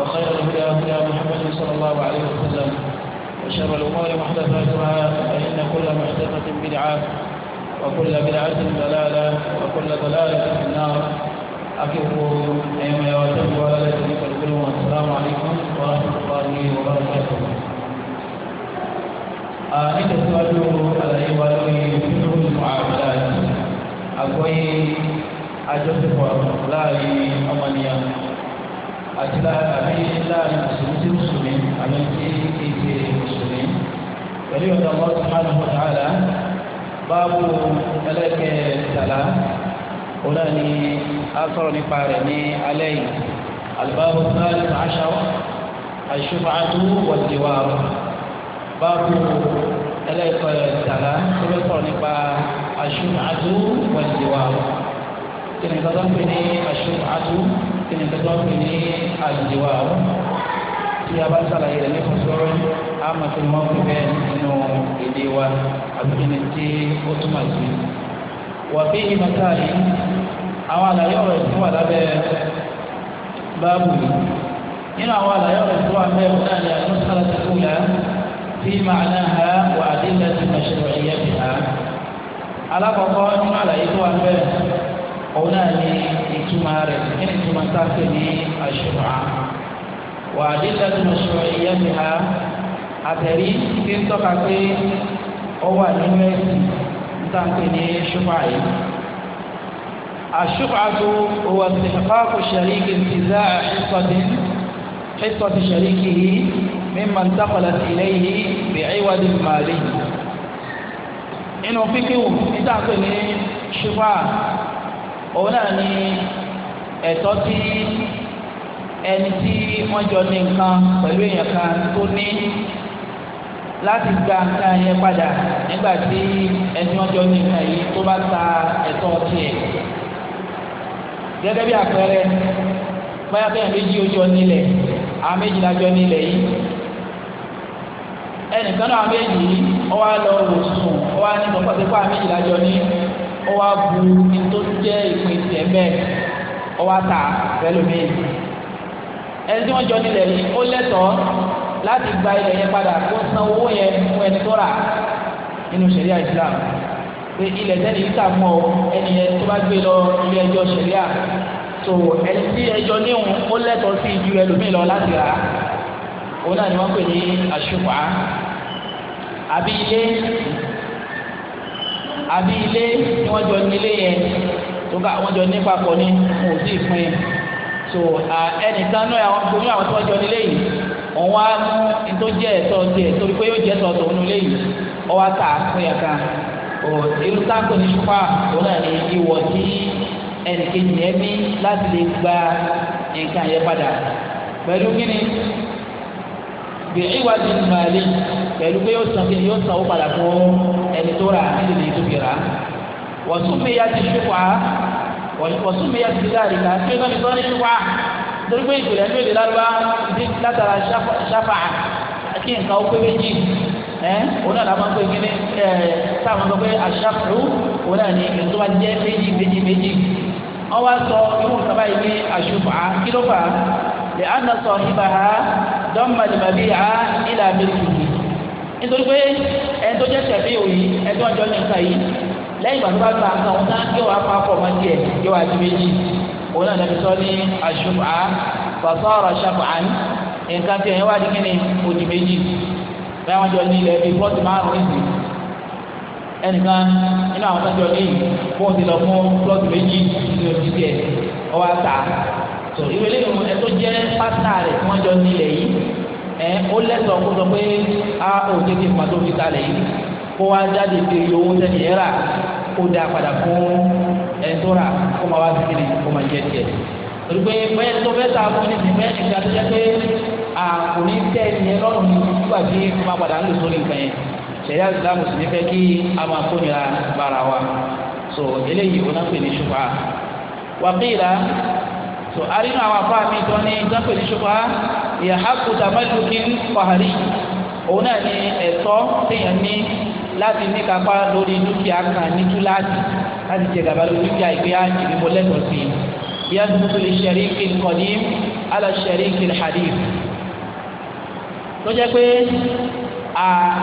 وخير الهدى هدى محمد صلى الله عليه وسلم وشر الأمور محدثاتها فإن كل محدثة بدعة وكل بدعة ضلالة وكل ضلالة في النار اكفوا أيما يواتف ولا يتلف الكلم والسلام عليكم ورحمة الله وبركاته أنت سؤال الأيوة لوي فيه المعاملات أقوي أجل الفرق لا أمانيا àti láàrin mùsùlùmí sí mùsùlùmí àmì tí kì í ṣe mùsùlùmí pẹ̀lú ọ̀dọ̀ Allah subhanahu wa ta'ala báàbù ẹlẹ́kẹ̀ẹ́sàlá òun náà ni a sọ̀rọ̀ nípa rẹ̀ ní alẹ́ yìí albaabu thalith ashar ashufa'atu wal-jiwar báàbù ẹlẹ́kẹ̀ẹ́sàlá tó bẹ́ sọ̀rọ̀ nípa ashufa'atu wal-jiwar kí ni ìtọ́jú pé ní ashufa'atu. kí ni tẹ́tọ́ pè ní àjùwà ó tí a bá ṣàlàyé rẹ̀ nípa sọ̀rọ̀ a mọ̀ pé wọ́n fi bẹ́ẹ̀ nínú èdè wa àbí kí ni tí ó túmọ̀ sí. wà bí ìmọ̀ta yìí àwọn àlàyé ọ̀rọ̀ ìsìn wà lábẹ́ báàbù yìí nínú àwọn àlàyé ọ̀rọ̀ ìsìn wà mẹ́rin náà ni àwọn sọ̀rọ̀ ti kú yá fi màánà ha wà á dín lẹ́sìn mọ̀ṣẹ̀rọ̀ ìyẹ́ bì ha. alákọ̀ọ́kọ́ nínú àlàyé tó wà mẹ́rin òun náà ní ìtumọ̀ rẹ̀ kí ni ìtumọ̀ tá a pè ní àṣùrà wà á dídá ìyá mi ha àtẹ̀rí ti ń tọ́ka pé ó wà nínú ẹ̀sìn tá ní ṣùpà yìí. الشفعة هو استحقاق الشريك انتزاع حصة حصة شريكه مما انتقلت إليه بعوض مالي. إنه فيكم إذا كان شفاعة òun náà ni ẹ̀tọ́ tí ẹni tí wọ́n jọ ní nǹkan pẹ̀lú èèyàn kan tó ní láti gba nǹkan yẹn padà nígbà tí ẹni wọ́n jọ ní nǹkan yìí tó bá ta ẹ̀tọ́ tiẹ̀ gẹ́gẹ́ bí àpẹẹrẹ báyà bẹ́ẹ̀ méjì ó jọ nílẹ̀ àwọn la jọ nílẹ̀ yìí ẹnìkan náà méjì lọ ó wá bu ní tó jẹ́ ìpín tiẹ̀ bẹ́ẹ̀ ó wá tà fẹ́lómìn ẹni tí wọ́n jọ nílẹ̀ yìí ó lẹ́tọ̀ọ́ láti gba ilẹ̀ yẹn padà kó san owó yẹn fún ẹni tó rà nínú ṣẹ̀ríà Islam pé ilẹ̀ tẹ́lẹ̀ yìí kà mọ́ ẹni yẹn tó bá gbé lọ ilé ẹjọ́ ṣẹ̀ríà tó ẹni tí ẹjọ́ níhùn ó lẹ́tọ̀ọ́ sí ju ẹlòmíì lọ láti rà òun náà ni wọ́n pè ní àṣùpá àbí ilé àbí ilé tí wọ́n jọ nílé yẹn tó ká wọ́n jọ ní papọ̀ ní kò sí ìpín so ẹnìkan náà àwọn tó ní àwọn tó wọ́n jọ nílé yìí òun wá mú tó jẹ́ ẹ̀tọ́ tiẹ̀ torí pé yóò jẹ́ ẹ̀tọ́ tòun nílé yìí ọ wá tà fún yà kan ò irú táàkù ní ṣùpá òun náà ní ìwọ̀ tí ẹnìkejì yẹn ní láti lè gba nǹkan yẹn padà pẹ̀lú kíni bí ìwádìí nìmọ̀ pẹ̀lú pé yóò san yóò san ó padà fún ẹni tó rà nílùú ní ìdúgbò rà wọ̀túnbíyá ti ṣùkọ́ wọ̀túnbíyá ti dáàrí ká kí ló ń sọ ní ṣùkọ́ torí pé ìpìlẹ̀ ní èdè lárúbá látara ṣáfà kí nǹkan ó pé méjì òun náà lábàá ń pè kíní táwọn sọ pé àṣàfù òun náà ní ètò wa jẹ méjì méjì méjì wọn wá sọ irú nǹkan báyìí ní àṣùfà kí ló fà á lè á nà sọ ìbàhà dọ́mọdé bàbí à ìlà méjì nítorí pé ẹni tó jẹ́ sẹ̀fí òyì ẹni tó ń jọ ní nǹkan yìí lẹ́yìn ìgbà tó bá gba nǹkan òun náà yóò wá pa pọ̀ mọ́ tiẹ̀ yóò wá di méjì òun náà lẹ́bi sọ ní àṣùfà pàṣọ́ọ̀rọ̀ ṣàfàán nǹkan tiẹ̀ yẹn wá di kíni òdì méjì bẹ́ẹ̀ wọ́n jọ ní ilẹ̀ bíi pọ́ọ̀tì márùn-ún ìsìn ẹnìkan nínú àwọn sọ́jọ́ ní fún ti lọ fún plọ́ọ̀tì méjì ní ojú tiẹ̀ ọwọ́ àtà tó ìwé lẹ́nu ẹ̀ tó jẹ́ pásítà rẹ̀ tí wọ́n jọ ẹ ó lẹ́sọ̀ kó sọ pé a ò ní kí n pàtó fi kalẹ̀ yìí kó wá jáde fi owó sẹ́ni yẹn rà kó da padà fún ẹni tó rà kó máa wá sí kiri kó máa jẹ tiẹ̀ torí pé bẹ́ẹ̀ tó fẹ́ ta fún ní ìfẹ́ ìgbà tó yẹ pé a kò ní tẹ́ ìyẹn lọ́rùn nígbà tí kó máa padà ń lò sórí nǹkan yẹn sẹ̀yà ìsìlámù sì ní fẹ́ kí a máa kónira bára wa so eléyìí wọn náà pè ní ṣùpá wàkìlá so arínú àwọn afáàmì tó ní ìtàn pè ní ṣùpá ìyàhákù tàmádùkì fàárì òun náà ni ẹ̀tọ́ téèyàn ní láti ní kápá lórí dúkìá kan ní túláàsì láti jẹ gàba lórí dúkìá ìgbéyà ìdìbò lẹ́tọ̀ọ́ sí i yẹn tuntun lè ṣẹ̀rí kí n kọ̀dí ala ṣẹ̀rí kí n hadí. ló jẹ́ pé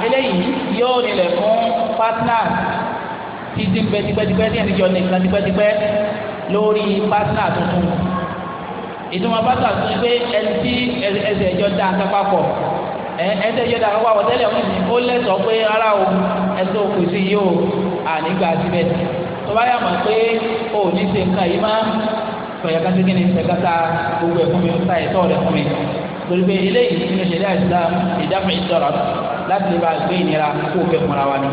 eléyìí yóò nílẹ̀ fún partner títí pẹ́ tipẹ́tipẹ́ tí ẹnìjọ́ nìkan tipẹ́tipẹ́ lórí partner tuntun ìtumọ̀ bàtà tó ń gbé ẹni tí ẹsẹ̀ ìjọ da kápákọ̀ ẹsẹ̀ ìjọ da kápákọ̀ tẹ́lẹ̀ ń sìn ó lẹ́sọ̀ pé ara o ẹsẹ̀ òkú sí yìí o ànígbà síbẹ̀ tó bá yà mọ̀ pé o ní ṣe nǹkan yìí má fẹ̀yà kásìkìnì fẹ̀kátà gbogbo ẹ̀kún mi ń ta ẹ̀tọ́ rẹ̀ fún mi torí pé eléyìí nínú ṣẹlẹ̀ islam ìdáfẹ ìtọrọ láti lè bá gbé ìnira kó fẹ́ fúnra wa ni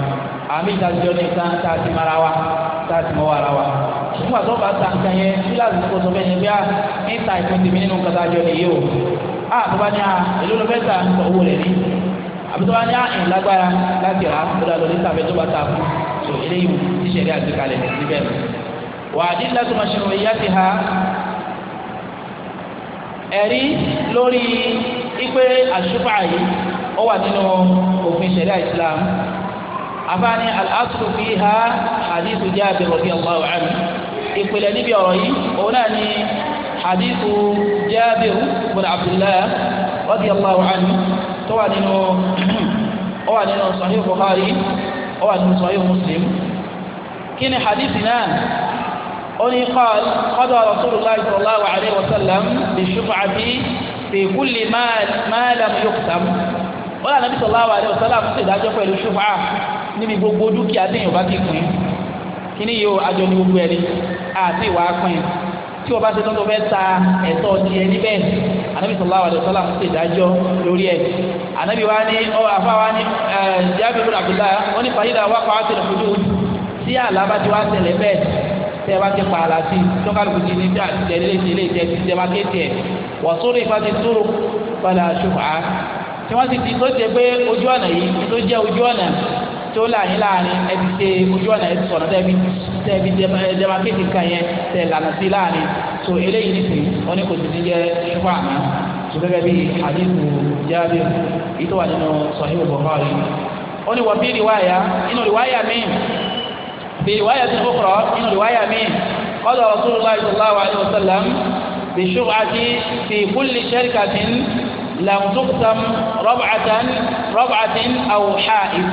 àmì ìtajọ ní ìtàn tá a ti mara wa tá a ti mọ ara wa nígbà tó bá ta nǹkan yẹn kíláàsì kò sọ bẹ́ẹ̀ ni bí a ah, ń ta ìpín tèmi nínú nǹkan tá a jọ o a ah, tó bá ní a ah, èló ló fẹ́ ta nǹkan owó rẹ̀ ní àbí tó bá ní a ń lágbára láti rà kó dà lórí tàbí tó bá ta fún so eléyìí ti ṣẹlẹ̀ níbẹ̀ wà á dín ẹ̀rí lórí ipe àṣùfà yìí ó wà nínú òfin ṣẹ̀ríà Islam afaani al-aslu fiha hadithu Jabir radiyallahu anhu ìpìlẹ̀ níbi ọ̀rọ̀ yìí òun náà ni hadithu Jabir ibn Abdullah radiyallahu anhu tó wà nínú ó wà nínú Sahih Bukhari ó wà nínú Sahih Muslim kí ni hadithi náà أني قال قضى رسول الله صلى الله عليه وسلم بالشفعة في كل مال ما لم يقسم wọ́n lànà bíi sọ̀lá àwàdì ọ̀sọ́lá fún ìdájọ́ pẹ̀lú ṣùfà níbi gbogbo dúkìá déyìn ọba ti pín kíní yìí ó àjọ ní gbogbo ẹni àti ìwà pín tí ọba ṣe tọ́tọ́ fẹ́ ta ẹ̀tọ́ ti ẹ níbẹ̀ ànábì sọ̀lá àwàdì ọ̀sọ́lá fún ìdájọ́ lórí ẹ̀ ànábì wa ní ọ àfa wa ní ẹ̀ jábìrún àbdùlá wọn ní fàyídà wákàtí ìrìnàjò tí àlá ti wá tẹ̀lé bẹ́ẹ̀ tẹ ẹ bá ti pa àlà sí tó kálukú ti ní bí àtijọ́ ilé ìtẹ̀lé ìtẹ̀lé ti jẹba kéèké ẹ̀ wọ́n sórí ìfá ti túrò padà ṣùgbọ́n tí wọ́n ti di tó ṣe pé ojú ọ̀nà yìí tó jẹ́ ojú ọ̀nà tó láàyín láàrin ẹ ti ṣe ojú ọ̀nà ẹ ti sọ̀rọ̀ tẹ́ẹ̀bi tẹ́ẹ̀bi jẹba kéèké kan yẹn tẹ̀ lànà sí láàrin tó eléyìí nìsín wọn ni kò sì ti jẹ́ ṣùgbọ́n àná gẹ́gẹ́ bí àdínkù jáde ìtọ́wà nínú Sahih Bukhari ó ní wọ́n bí ìrìwáyà nínú ìrìwáyà míì في رواية أخرى من رواية مين؟ قال رسول الله صلى الله عليه وسلم بالشرعة في كل شركة لم تقسم ربعة ربعة أو حائز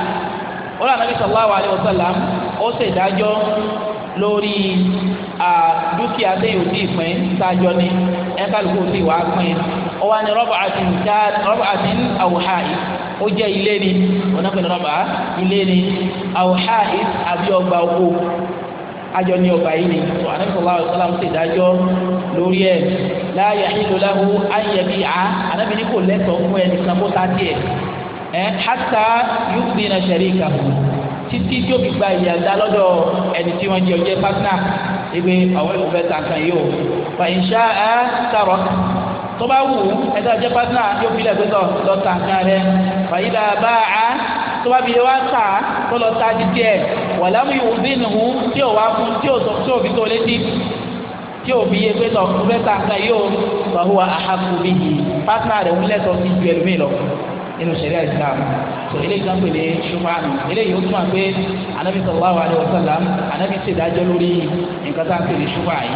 ولا النبي صلى الله عليه وسلم ó ṣe لوري lórí dúkìá téyò tí ساجوني pín sáájọ ni ẹ̀ka lóko tí ì wá pín ó ó jẹ́ ilé ni ọ̀nà pẹ̀lú rọ́bà ilé ni àwòhá àbí ọgbà oko àjọ ní ọgbà yìí ni tó àná ìfọwọ́ àwọn sọ́lá ń ṣe ìdájọ́ lórí ẹ̀ láàyè àyìnlóláhu ayẹ̀bí a ànábi ní kò lẹ́tọ̀ọ́ fún ẹnì kan bó ta díẹ̀ ẹ̀ hátà yóò fi iná ṣẹ̀rí ìkà títí tí ó fi gba ìyá dá lọ́dọ̀ ẹni tí wọ́n jẹ ọjẹ́ pátánà ìgbé àwọn ìfẹ́ ta kan yìí o fàyìnṣá ẹ̀ sàrọ̀ tó bá wù ẹ̀dá ọjẹ́ pátánà yóò fi lẹ́gbẹ̀ẹ́ lọ́ta kan rẹ̀ fàyílà bá a tó bá fi lè wá tà á tó lọ ta títí ẹ̀ wà lámù ìwúdínù tí ò wá fún tí ò tí ò fi tó létí tí ò fi yé pé tọ̀ fún bẹ́ẹ̀ ta nǹkan yóò wà hùwà àhàkù bí yìí pátánà rẹ̀ ń lẹ́tọ̀ sí ju ẹlòmíì lọ nínú sẹ̀ríà Islam tó eléyìí kan pèlè ṣùgbọ́n eléyìí ó túmọ̀ pé anabi sallallahu alayhi wa anabi ṣe dájọ́ lórí nǹkan tá a pèlè ṣùgbọ́n yìí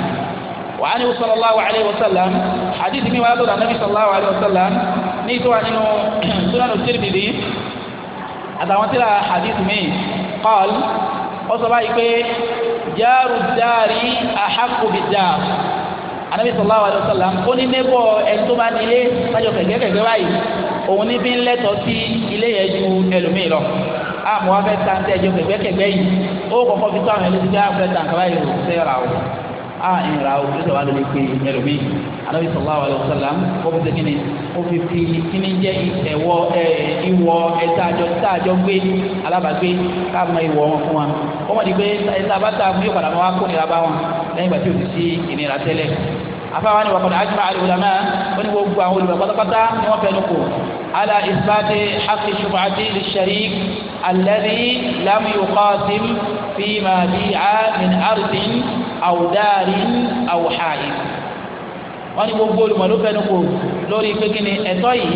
wàhánì sallallahu alayhi wa sallam hadith mi wà lọ́dọ̀ anabi sallallahu alayhi wa ní ìtura nínú sunanu Tirmidhi àtàwọn tíra hadith mi qal ó sọ báyìí pé jaaru daari ahaqqu bi daar anabi sallallahu alayhi wa sallam ó ní nébọ̀ ẹni tó bá nílé sájọ kẹ̀kẹ́kẹ̀kẹ́ báyìí òun ní bí ń lẹ́tọ̀ọ́ sí ilé yẹn ju ẹlòmíì lọ àmọ́ ah, wọn fẹ́ ta ń tẹ́jọ yìí ó kọ́kọ́ fi tó àwọn ẹlẹ́sìn bí wọn fẹ́ ta nǹkan báyìí ò sẹ́yọ̀rọ̀ àwọn a ah, ìnira o kí ló wà lórí pé ẹlòmíì anabi sallallahu alayhi wa sallam ó fi sẹ́kìnì ó fi fi kíní jẹ́ ẹ̀wọ́ ẹ̀ ìwọ ẹ̀tàjọ tàjọ gbé alábàgbé ká ìwọ wọn fún wa wọ́n mọ̀ ní pé ẹ̀ta bá fún yóò padà máa wá kó nira bá wọn lẹ́yìn ìgbà tí o ti sí ìnira tẹ́lẹ̀ afáwa ni wàkọ̀dà ajma al-ulama ó ní gbogbo àwọn olùmọ̀ pátápátá ni wọ́n fẹnu kò ala isbati haqqi shuf'ati lish-sharik alladhi lam yuqasim fima bi'a min ardin àwùdáàrí àwùháyé wọ́n ní gbogbo olùmọ̀ ló fẹnu kò lórí pé kí ni ẹ̀tọ́ yìí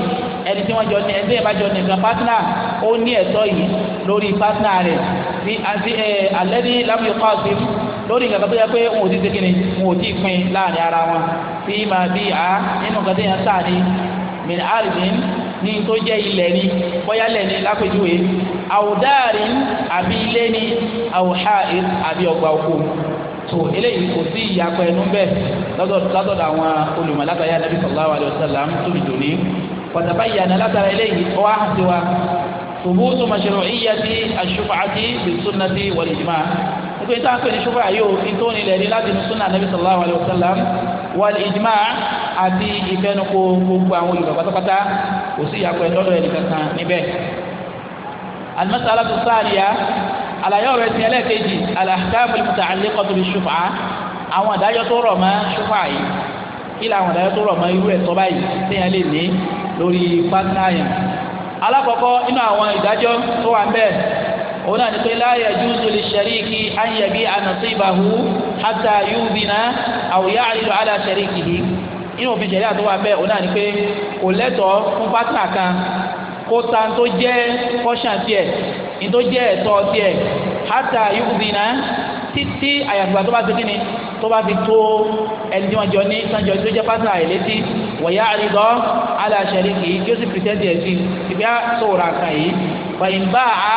ẹni tí wọ́n jọ ní ẹni tí yẹn bá jọ nìkan pátánà ó ní ẹ̀tọ́ yìí lórí pátánà rẹ̀ bí àti ẹ alẹ́ ní lámúyọ̀kọ́ àti lórí nǹkan tó yẹ pé wọn ò ti ṣe ni wọn ò ti pín láàrin ara wọn bí máa bí a nínú nǹkan tó yẹn sáà ní min arìnrìn ní tó jẹ́ ilẹ̀ ni bóyá lẹ̀ ni lápèjúwe àwùdáàrin àbí ilé ni àwùhá àbí ọgbà òkú so eléyìí kò sí ìyapa ẹnu bẹ́ẹ̀ lọ́dọ̀dọ̀ àwọn olùmọ̀ látàrí anabi sallallahu alayhi wa sallam tóbi dòní pàtàkì yàrá látàrí eléyìí ọwọ́ àti wa tòbótò mashru'iyyati ash-shuf'ati bis-sunnati wal-ijma' nígbà tí a ń pè ní ṣùfà yóò ìtòní lẹ́ni láti ní sunna anabi sallallahu alayhi wa sallam wal àti ìfẹnukò gbogbo àwọn olùkọ́ àlàyé ọ̀rọ̀ ẹ̀sìn ẹlẹ́ẹ̀kejì al-ahkamu al-muta'alliqatu bish-shuf'a àwọn àdájọ́ tó rọ̀ mọ́ ṣùfà yìí kí làwọn àdájọ́ tó rọ̀ mọ́ irú ẹ̀tọ́ báyìí téèyàn lè ní lórí pátánà yẹn. alákọ̀ọ́kọ́ inú àwọn ìdájọ́ tó wà bẹ́ẹ̀ òun náà ni pé la yajuzu lish-shariki an yabi'a nasibahu hatta yu'dina aw ya'rida ìtò jẹ́ ẹ̀tọ́ tiẹ̀ hátà yúkùbìnà títí àyàgbà tó bá ti kíni tó bá ti tó ẹni tí wọ́n jọ ní sanjọ tó jẹ́ pátá àìlétí wọ̀yá àrídọ́ aláṣẹ́rí kì í kí ó sì pìtẹ́tì ẹ̀ sí ìgbà sòwòrán kan yìí fàyìnbá a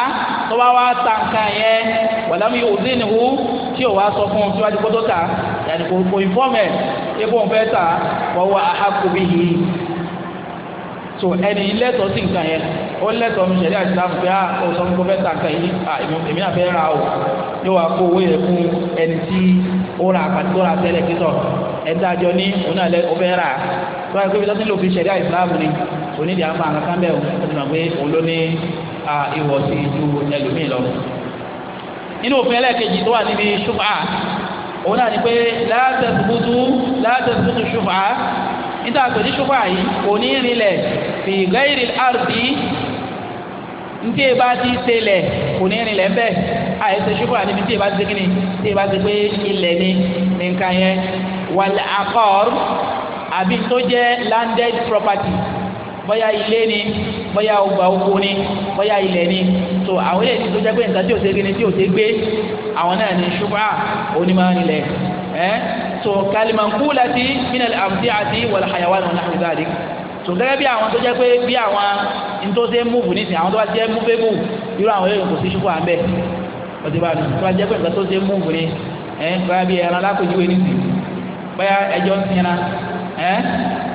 tó bá wá ta nǹkan yẹn wàlámù yóò dín níhu tí ò wá sọ fún un síwájú kó tó ta yàtì kò kò ìfọ́mẹ̀ epo òun fẹ́ ta wọ́wọ́ àhàkùbí yìí so ẹni lẹ́tọ̀ọ́ sí nǹkan yẹn ó lẹ́tọ̀ọ́ mi ṣẹ̀dá ìsìlámù pé a ah, ó sọ fún kó fẹ́ ta nǹkan yìí ah, èmi àfẹ́ ra o yóò wá kó owó yẹn fún ẹni tí ó ra àpàtì tó ra tẹ́lẹ̀ kíkọ̀ ẹ̀dá àjọ ní òun náà lẹ́ ó fẹ́ rà tó wáyé pé ibi tó ti lò fi ṣẹ̀dá ìsìlámù ni onídìí àwọn àwọn kan bẹ́ẹ̀ òun náà pé òun ló ní ìwọ̀ sí ju ẹlòmíì lọ. nínú òfin ẹlẹ́ẹ̀kejì tó wà níbi ṣùfà òun náà ni pé látẹ̀sùkútù látẹ̀sùkútù ṣùfà níta àtòní ṣùfà yìí kò ní rinlẹ̀ fi gẹ́rì àrùbí ntí e bá ti ṣe lẹ̀ kò ní rìn lẹ̀ ń bẹ̀ àìsè ṣùkúrà e ti ṣe kí ni tí e bá ti pé ilẹ̀ ni nìkan yẹn wàlẹ̀ àkọ́r àbí tó jẹ́ landed property bóyá ilé ni bóyá ọgbà oko ni bóyá ilẹ̀ ni so àwọn ilé tó jẹ́ pé nǹkan tí ò ṣe kí ni tí ò ṣe gbé àwọn náà ní ṣùkúrà onímọ̀ nílẹ̀ ẹ́ so kalimankú láti minal amdi àti wàlẹ̀ hayawa náà tó gẹ́gẹ́ bí àwọn tó jẹ́ pé bí àwọn ntòsí múùfù nísìnyí àwọn tó bá jẹ́ múùfébù irú àwọn èèyàn kò sí ṣubú àmbẹ ọtí bá tó bá jẹ́ pé nǹkan tó ṣe múùfù ni ẹ báyà bí ẹran alákòjúwe nísìnyí báyà ẹjọ́ ń sinra ẹ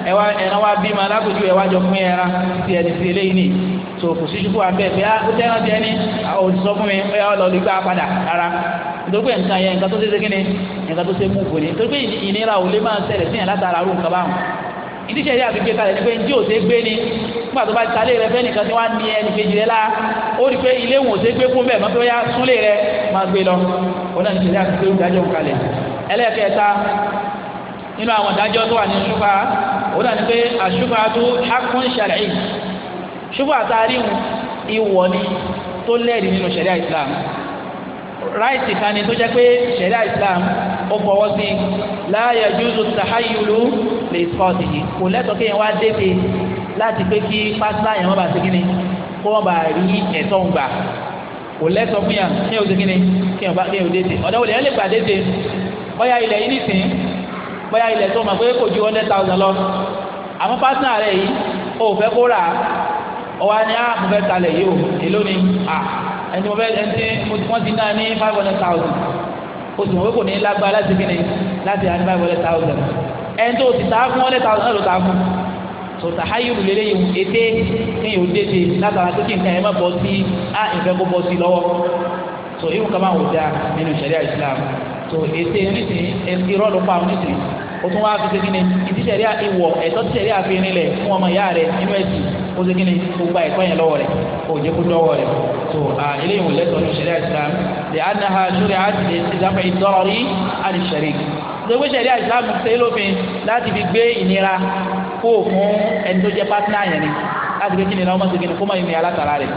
ẹ wá ẹran wá bí ma alákòjúwe ẹ wá jọ fún ẹran ti ẹni ti eléyìí ni tó kò sí ṣubú àmbẹ bí ó tẹ́ran jẹ ní òṣìṣọ fún mi báyà ọ lọ lè gbá padà rárá nítorí nǹkan yẹn nǹkan tó ṣe ṣe kí ni nǹkan tó ṣe múùfù ni nítorí pé ìnira ò lè máa ṣẹlẹ̀ sí ìdíṣẹ́ yìí àfikún kalẹ̀ ní pé njẹ́ òsè gbé ni nígbà tó bá ti talé rẹ fẹ́ nìkan tí wọ́n ní ẹni kejì rẹ la ó rí i pé ilé wọn òsè gbé fún bẹ́ẹ̀ mọ́ pé ó yá súnlé rẹ máa gbé lọ òun náà ní ìṣẹ̀lẹ̀ àfikún ìdájọ́ kalẹ̀ ẹlẹ́ẹ̀kẹta nínú àwọn ìdájọ́ tó wà ní ṣúfà òun náà ní pé àṣùfà tó hákún ṣàlàyé ṣúfà àtàríhùn ìwọ̀ ni tó lẹ́rìí nínú ṣẹ̀ríà Islam ráìtì kan ni tó jẹ́ pé ṣẹ̀ríà Islam ó fọwọ́ sí la yajuzu tahayulu lè sọ́ọ̀tì yìí kò lẹ́tọ̀ọ́ kéèyàn wá dédé láti pé kí pásítà yẹn wọ́n bá ṣe kíni kó wọ́n bá rí ẹ̀tọ́ ń gbà kò lẹ́tọ̀ọ́ fún yà kéèyàn ṣe kíni kéèyàn bá kéèyàn dédé ọ̀dọ́ wòlé yẹn lè gbà dédé bóyá ilẹ̀ yìí nìsín bóyá ilẹ̀ tó mọ̀ pé kò ju hundred thousand lọ àmọ́ pásítà rẹ̀ yìí ó fẹ́ kó rà ọwọ́ ni á ah, mo fẹ́ talẹ̀ yìí o èló ni à ẹni mo fẹ́ ẹni wọ́n ti náà ní five hundred thousand oṣù mọ̀ pé kò ní lágbára láti ẹni tó ti tàá fún ọ̀lẹ́ tàwọn náà ló tàá fún tó dị ní látara tó kí nǹkan ẹ̀ má bọ́ sí á ìfẹ́ kó bọ́ lọ́wọ́ tó máa wò dáa nínú Islam tó irọ́ ló pa tún fi ṣe kíni ìwọ̀ ẹ̀tọ́ fún ọmọ ìyá rẹ̀ nínú ẹ̀sìn ó ṣe kíni gba yẹn lọ́wọ́ gbogbo sẹ̀ríà islam ṣe lófin láti fi gbé ìnira kó fún ẹni tó jẹ́ pátínà yẹn ni láti gbé kíni lọ́mọ sókè ni kó mọ̀ ìnira látara rẹ̀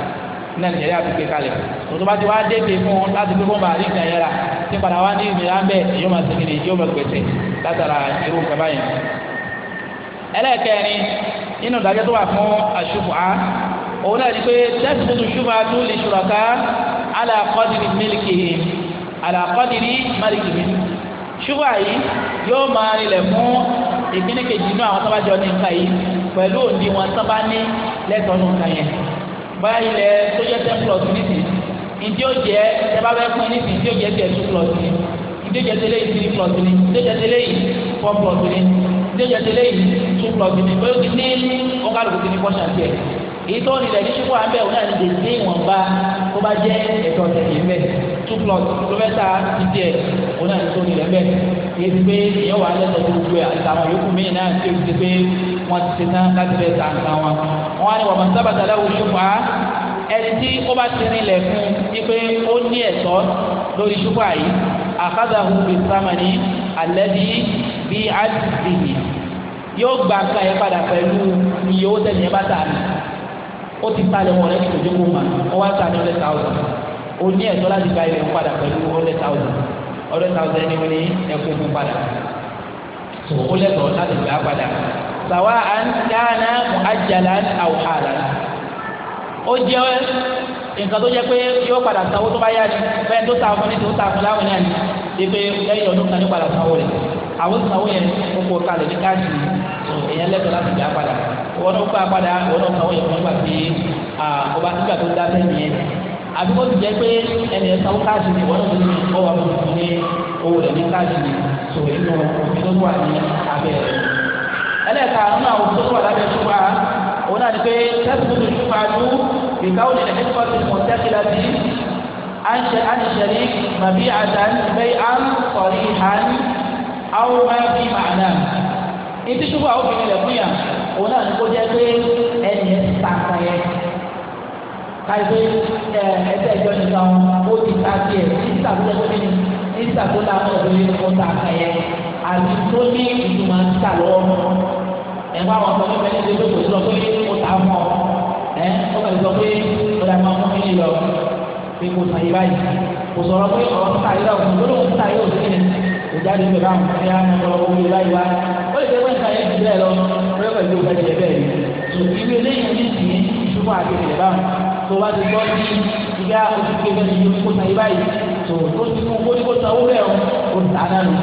náà ní sẹ̀ríà fi gbé kalẹ̀ tòtò bá ti wá dé pé fún láti gbé fún bàálí ìgbà yẹn rà tí padà wá ní ìnira ń bẹ̀ yóò máa sókè ni yóò máa gbèsè látara irú nǹkan báyìí. ẹlẹ́ẹ̀kẹrin nínú ìdájọ́ tó wà fún àṣùfà òun náà ni pé tẹ́sítọ́tù ṣùfà tó lè ṣùràká alàkọ́dìrì mílíkì alàkọ́dìrì mílíkì ṣùgbọ́n àyí yóò máa rinlẹ̀ fún ìkíní kejì inú àwọn sábàjọ ní nǹkan yìí pẹ̀lú òǹdí wọn sábà ní lẹ́tọ̀ọ́ nù nǹkan yẹn báyà ilẹ̀ tó jẹ́ ten plus nísìn ìdí ó jẹ́ ẹ bá fẹ́ pín nísìn ìdí ó jẹ́ ten two plus ni ìdí ó jẹ́ tẹ́lẹ̀ yìí three plus ni ìdí ó jẹ́ tẹ́lẹ̀ yìí four plus ni ìdí ó jẹ́ tẹ́lẹ̀ yìí two plus ni ó ti ní ó ti ní kọ́ṣà tiẹ̀ èyí tó nílẹ̀ ní ṣubú àbẹ̀ òun náà lè dé ìwọ̀nba tó bá jẹ́ ẹ̀tọ́ tẹ̀lé mẹ́ two plus kilomita títí ẹ̀ òun náà tó nílẹ̀ mẹ́ èyí ti pé ìyẹn wà lẹ́sọ̀ tó gbogbo ẹ̀ àtàwọn yòókù míì náà ti ti pé wọ́n ti ṣe tán láti bẹ̀ tà nǹkan wọn. wọ́n á ní wàhálà sábàtà láwùjọ ṣùgbọ́n a ẹni tí ó bá ti rinlẹ̀ fún ni pé ó ní ẹ̀tọ́ lórí ṣubú àyí àkàdàhù ó ti palẹ̀ wọn rẹ̀ ní kò jókòó ma wọ́n wá ta ní hundred thousand ó ní ẹ̀tọ́ láti gba ilẹ̀ padà pẹ̀lú hundred thousand hundred thousand ẹni wọn ní ẹ̀kọ́ fún padà tó ó lẹ́tọ̀ọ́ láti gbà padà sàwa à ń dáná mu àjàlá àwòhà rà ó jẹ́ nǹkan tó jẹ́ pé yóò padà sanwó tó bá yá ni bẹ́ẹ̀ tó ta fún ní tó ta fún láwọn náà ni ipe lẹ́yìn ọdún kan ní padà sanwó rẹ̀ àwọn sanwó yẹn ó kó kalẹ̀ ní káàdì èèyàn lẹ́tọ̀ọ́ láti gbà padà wọn náà gbà padà wọn náà sanwó yẹn fún ọgbà pé ọba nígbà tó dá sẹ́yìn yẹn àbí wọ́n ti jẹ́ pé ẹnì ẹ̀ sanwó káàdì ni wọ́n náà tó ní ọwọ́ àwọn òṣìṣẹ́ ní owó rẹ̀ ní káàdì ni tó inú òfin tó wà ní abẹ́ rẹ̀. ẹlẹ́ka nínú àwọn òfin tó wà lábẹ́ tó wà òun náà ni pé tẹ́sítọ́ tó tún máa dún ìkáwó ní ẹ̀ẹ́dẹ́gbọ́sì mọ̀tẹ́kìlásì àṣẹ̀rí màbí àdán bẹ́ẹ̀ án sọ̀rí ìhán àwọn máa fi màánà. ètí ṣùgbọ́n àwọn obìnrin rẹ̀ fún yà òun náà ní kó jẹ́ pé ẹnì ẹ̀ ta kan yẹn káyọ̀ pé ẹgbẹ́ ìjọ nìkan ó ti ta tiẹ̀ níta tó lọ́wọ́ mi níta tó lọ́wọ́ ọ̀dọ́ yẹn kó ta kan yẹn àti tó ní ìtumọ̀ níta lọ́wọ́ ẹ̀fọ́ àwọn ọ̀sán mẹ́fẹ́ ní ìdílé kò sọ pé ó ta mọ́ ẹ̀ ó bẹ̀rẹ̀ sọ pé ó dà máa mú mi lọ pé kò sàn yí báyìí kò sọ̀rọ̀ pé ọ̀rọ̀ níta yìí lọ́wọ́ lórí níta kò jáde pẹ̀lú ọ̀rẹ́ pẹ̀lú ọgbà jẹ bẹ́ẹ̀ ni ìlú eléyìí ní ti ìṣúfà àti ìṣẹ̀lẹ̀ báwọn tó bá ti gbọ́ sí ìyá ojúgbé bẹ́ẹ̀ ni kó ta ibà yìí tó tó ti mú kó kó ta owó bẹ́ẹ̀ o ta nánu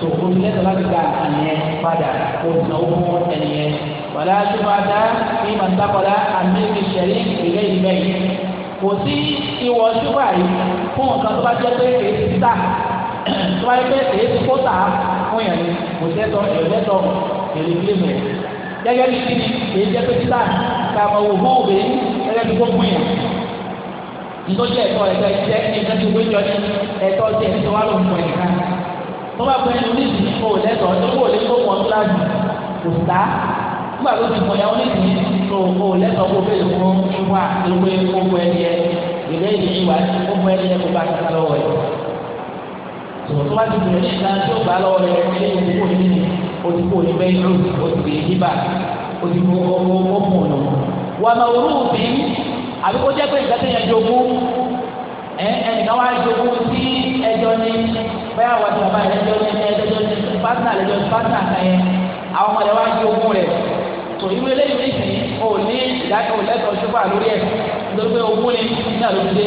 tó o ní lẹ́tọ̀ láti gba àníyẹn padà o ní owó fún ẹnìyẹn wàlá tó bá dá ní màtàkọ́lá àmì ìṣẹ̀lẹ̀ ìṣẹ̀lẹ̀ ìbẹ̀yìn kò sí ìwọ ṣúgbà yìí fún nǹkan tó bá jẹ́ pé èyí ti tà tó bá yẹ pé èyí ti kó tà fún yẹn ni kò sẹ́tọ̀ gẹ́gẹ́ bí kí ni èyí jẹ́ pé títà kàmọ̀ wò hó òbí gẹ́gẹ́ bí gbogbo yẹn ntọ́jú ẹ̀tọ́ ẹ̀tọ́ ẹ̀tọ́ ẹ̀tọ́ tó gbé jọ ní ẹ̀tọ́ ti ẹ̀tọ́ wà lóun pọ̀ ẹ̀ka tó bá pẹ́ oníṣìí kò lẹ́tọ̀ọ́ tó kò lè kó pọ̀ kíláàsì kò sá nígbà tó ti mọ̀yà oníṣìí kò kò lẹ́tọ̀ọ́ kó bẹ́ẹ̀ fún fún wa ló pé gbogbo ẹ̀yẹ ìlẹ́yìn ìwà gbogbo ẹ̀yẹ kó bá kàkà tòmọ̀tò wá ti bẹ̀rẹ̀ nígbà tí ó bá lọ́wọ́ rẹ̀ lẹ́yìn òkú òní nínú ó ti kó o ní bẹ́ẹ̀ ló ti o ti bẹ̀rẹ̀ níbà ó ti kó o ó mú ọ̀nà. wà á máa wúrú bí àbí kó jẹ́ pé ìgbà tẹ̀yẹ̀ jogún ẹnìkan wá jogún sí ẹjọ́ ní bẹ́ẹ̀ wà ní bàbá ẹjọ́ ní ẹjọ́ ní pátánà ẹjọ́ ní pátánà kan yẹn àwọn ọmọdé wá jogún rẹ̀ tò irú eléyìí nìsín ò ní ìdájọ́ òlẹ́tọ̀ ṣùgbọ́n lórí ẹ̀ nítorí pé ogún ni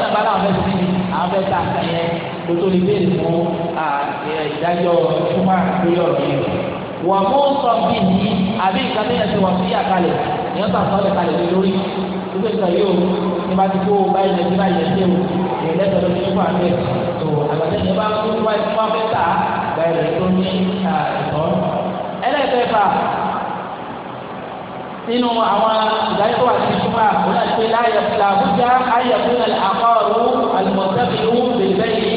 nígbà ló fẹ́ ta ẹ̀yẹ kó tó lè béèrè fún ìdájọ́ ìtumọ̀ lórí ọ̀rọ̀ yẹn. wà mú sọ bí ní àbí nǹkan tó yẹ ti wà sí àkàlẹ̀ ìyẹn tó àtọ́lẹ̀ kalẹ̀ lé lórí gbogbo ìgbà yóò ní bá ti kó báyìí lẹ́sìn báyìí lẹ́sìn o ìyẹn lẹ́sìn ló ti fún àgbẹ̀ tó àgbàdo ìyẹn bá tó wá ìfún wa fẹ́ ta báyìí tó ní ìtọ́. ẹlẹ́ẹ̀kẹfà nínú àwọn ìdájọ́ àti ìtumọ̀ àkóńtà ti mọ̀tẹ́bìlú bèbẹ́yì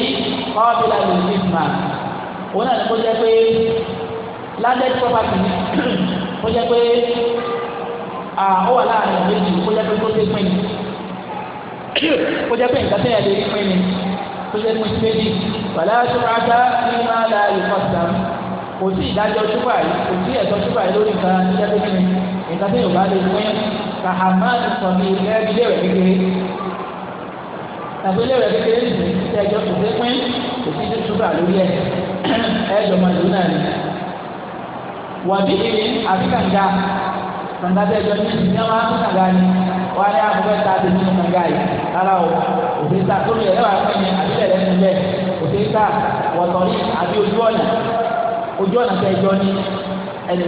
kọ́bílà lè fi mà òun náà ni kó jẹ́ pé landed property ni kó jẹ́ pé ó wà láàrin méjì kó jẹ́ pé kó dé pín ni kó jẹ́ pé nǹkan tẹ́yà lè rí pín ni kó jẹ́ pín méjì wàlá ṣùgbọ́n ní máa la ìfọ̀ sàm kò sí ìdájọ́ ṣùgbà yìí kò sí ẹ̀tọ́ ṣùgbà yìí lórí nǹkan tó jẹ́ pé kí ni nǹkan tẹ́yà ò bá lè pín kàhámà sọ̀mí ẹ̀ẹ́dẹ́gbẹ̀rẹ̀ kékeré tàbí eléyìí kékeré sì ní títí ẹjọ́ kò dé pín kò sí ti túbà lórí ẹ̀ ẹ̀jọ̀ máa lò náà ni. wà bí ìrì àti kànga kànga tẹ ẹjọ́ ní ìdílé wọn àti kànga ni wọn á fẹ́ ta àti nínú kànga yìí rárá o òfin ta tó lè ẹwà pín ní àbílẹ̀ rẹ̀ nílẹ̀ òfin ta wọ̀tọ̀ ní àbí ojú ọ̀nà ojú ọ̀nà tẹ ẹjọ́ ní ẹnì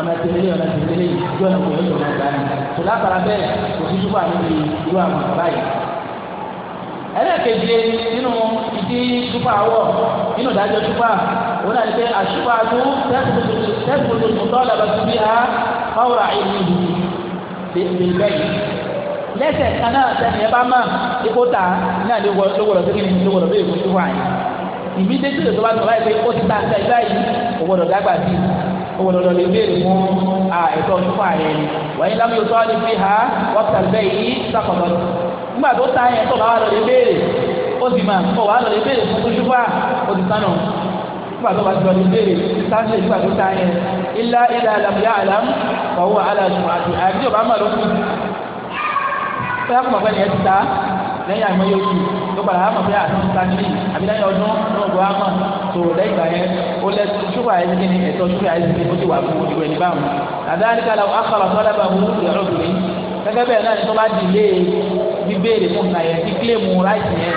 ọ̀nà tẹ̀lé ọ̀nà tẹ̀lé ìjọ ọ̀nà kò yẹ kó náà gbani kò lápara bẹ́ẹ̀ kò sí túbọ̀ níbi irú àwọn bàbá yìí. ẹlẹ́ẹ̀kejì nínú ìdí túbọ̀ àwọ̀ nínú ìdájọ́ túbọ̀ òun náà ní pé àṣùbọ̀ àlú tẹ́sítọ̀tò tọ́lábàtú bí a fáwọ̀rà ìlú bẹ́ẹ̀ lẹ́sẹ̀ kan náà tẹ̀sí ẹ bá mọ̀ ipò ta náà ló wọ̀rọ̀ sí kí ni ló wọ̀rọ̀ bẹ́ẹ̀ kó túbọ̀ àyè ìbí dé sílẹ̀ tó bá tọ̀ láì pé ó ti ta àgbà ìgbà yìí òwòrò dàgbà sí i òwòlòlò lè béèrè fún ẹ̀tọ́ onífọ ààyè ni wàyí lámì yóò tọ́ ni fi ha wọ́pútà bẹ́ẹ̀ yìí sàkọ̀tọ̀ nígbà tó ta yẹn tó bá wà lọ lè béèrè ó sì mà ó wà lọ lè béèrè fún tó ṣùgbọ́n ó ti sánà nígbà tó bá ti lọ lè béèrè sáńtì nígbà tó ta yẹn ilá ilá àlàmúyá àlám fọwọ́ àlàjù àti àbí lẹ́yìn àmọ́ yóò tù tó padà á mọ̀ pé àti nípa níbí àbí lẹ́yìn ọdún tó ń bọ̀ á mọ̀ tó lẹ́yìn ìgbà yẹn ó lẹ́ ṣúgbà ayé ti ní ẹ̀tọ́ ṣúgbà ayé ti ní ó ti wà fún ìwé ní báwọn. àdáríkà la akọ̀rọ̀ sọ́dọ̀ bá wù lọ́dún gẹ́gẹ́ bẹ́ẹ̀ náà ni tó bá di ilé bíbéèrè fún nǹkan yẹn ti kílèmù ráìsì yẹn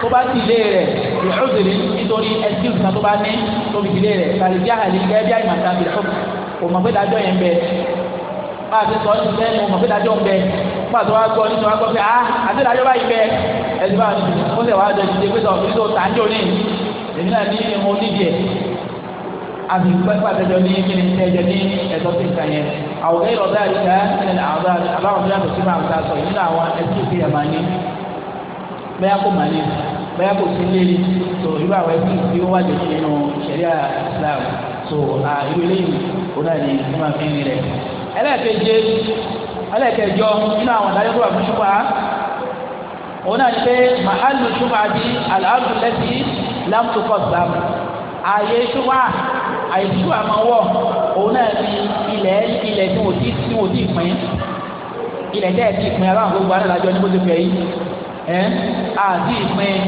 tó bá di ilé rẹ̀ lọ́dún nítorí ẹtí ìsìn tó bá ní tó fi di ilé rẹ̀ kàlíjà àlè gẹ́gẹ́ bí bá a ti sọ ní bẹ́ẹ̀ mo mọ̀ pé dájọ́ ń bẹ nígbà tó gbọ́ ní tó wá gbọ́ pé ah àti dájọ́ báyìí bẹ ẹ̀sìn bá ó sì wàá dọ̀jú ṣe pé sọ fún mi tó tà ń jò ní èmi náà ní mo níbi ẹ̀ àti pẹ́pẹ́ àtẹ̀jọ́ ní kí ni ẹ̀jẹ̀ ní ẹ̀tọ́ sí nǹkan yẹn àwọn ẹ̀rọ ọ̀dà àdìgbà ẹ̀rìn àwọn àbáwọn bí wọ́n ti máa ta sọ nínú àwọn ẹ̀sìn ìpè yàmá ní bẹ́ẹ̀ kó màá ní bẹ́ẹ̀ kó sí lé ní tó irú àwọn ẹ̀sìn tí ó wà lè nínú ìṣẹ̀lẹ̀ Islam tó ìwé lẹ́yìn ó náà ní ìmọ̀ rẹ̀ ẹlẹ́ẹ̀keje ẹlẹ́ẹ̀kẹjọ nínú àwọn ìdájọ́ tó wà fún ṣùgbà òun náà ni pé màálù ṣùgbà bí aláàbù lẹ́sí lámùtòkọ̀ sàm ààyè ṣùgbà àyè ṣùgbà máa wọ̀ òun náà ni ilẹ̀ ilẹ̀ tí wò tí tí wò tí pín ilẹ̀ tẹ́ ẹ̀ tí pín aláwọ̀ gbogbo aláàjọ ní bó ti fẹ́ yìí ẹ̀ àti ìpín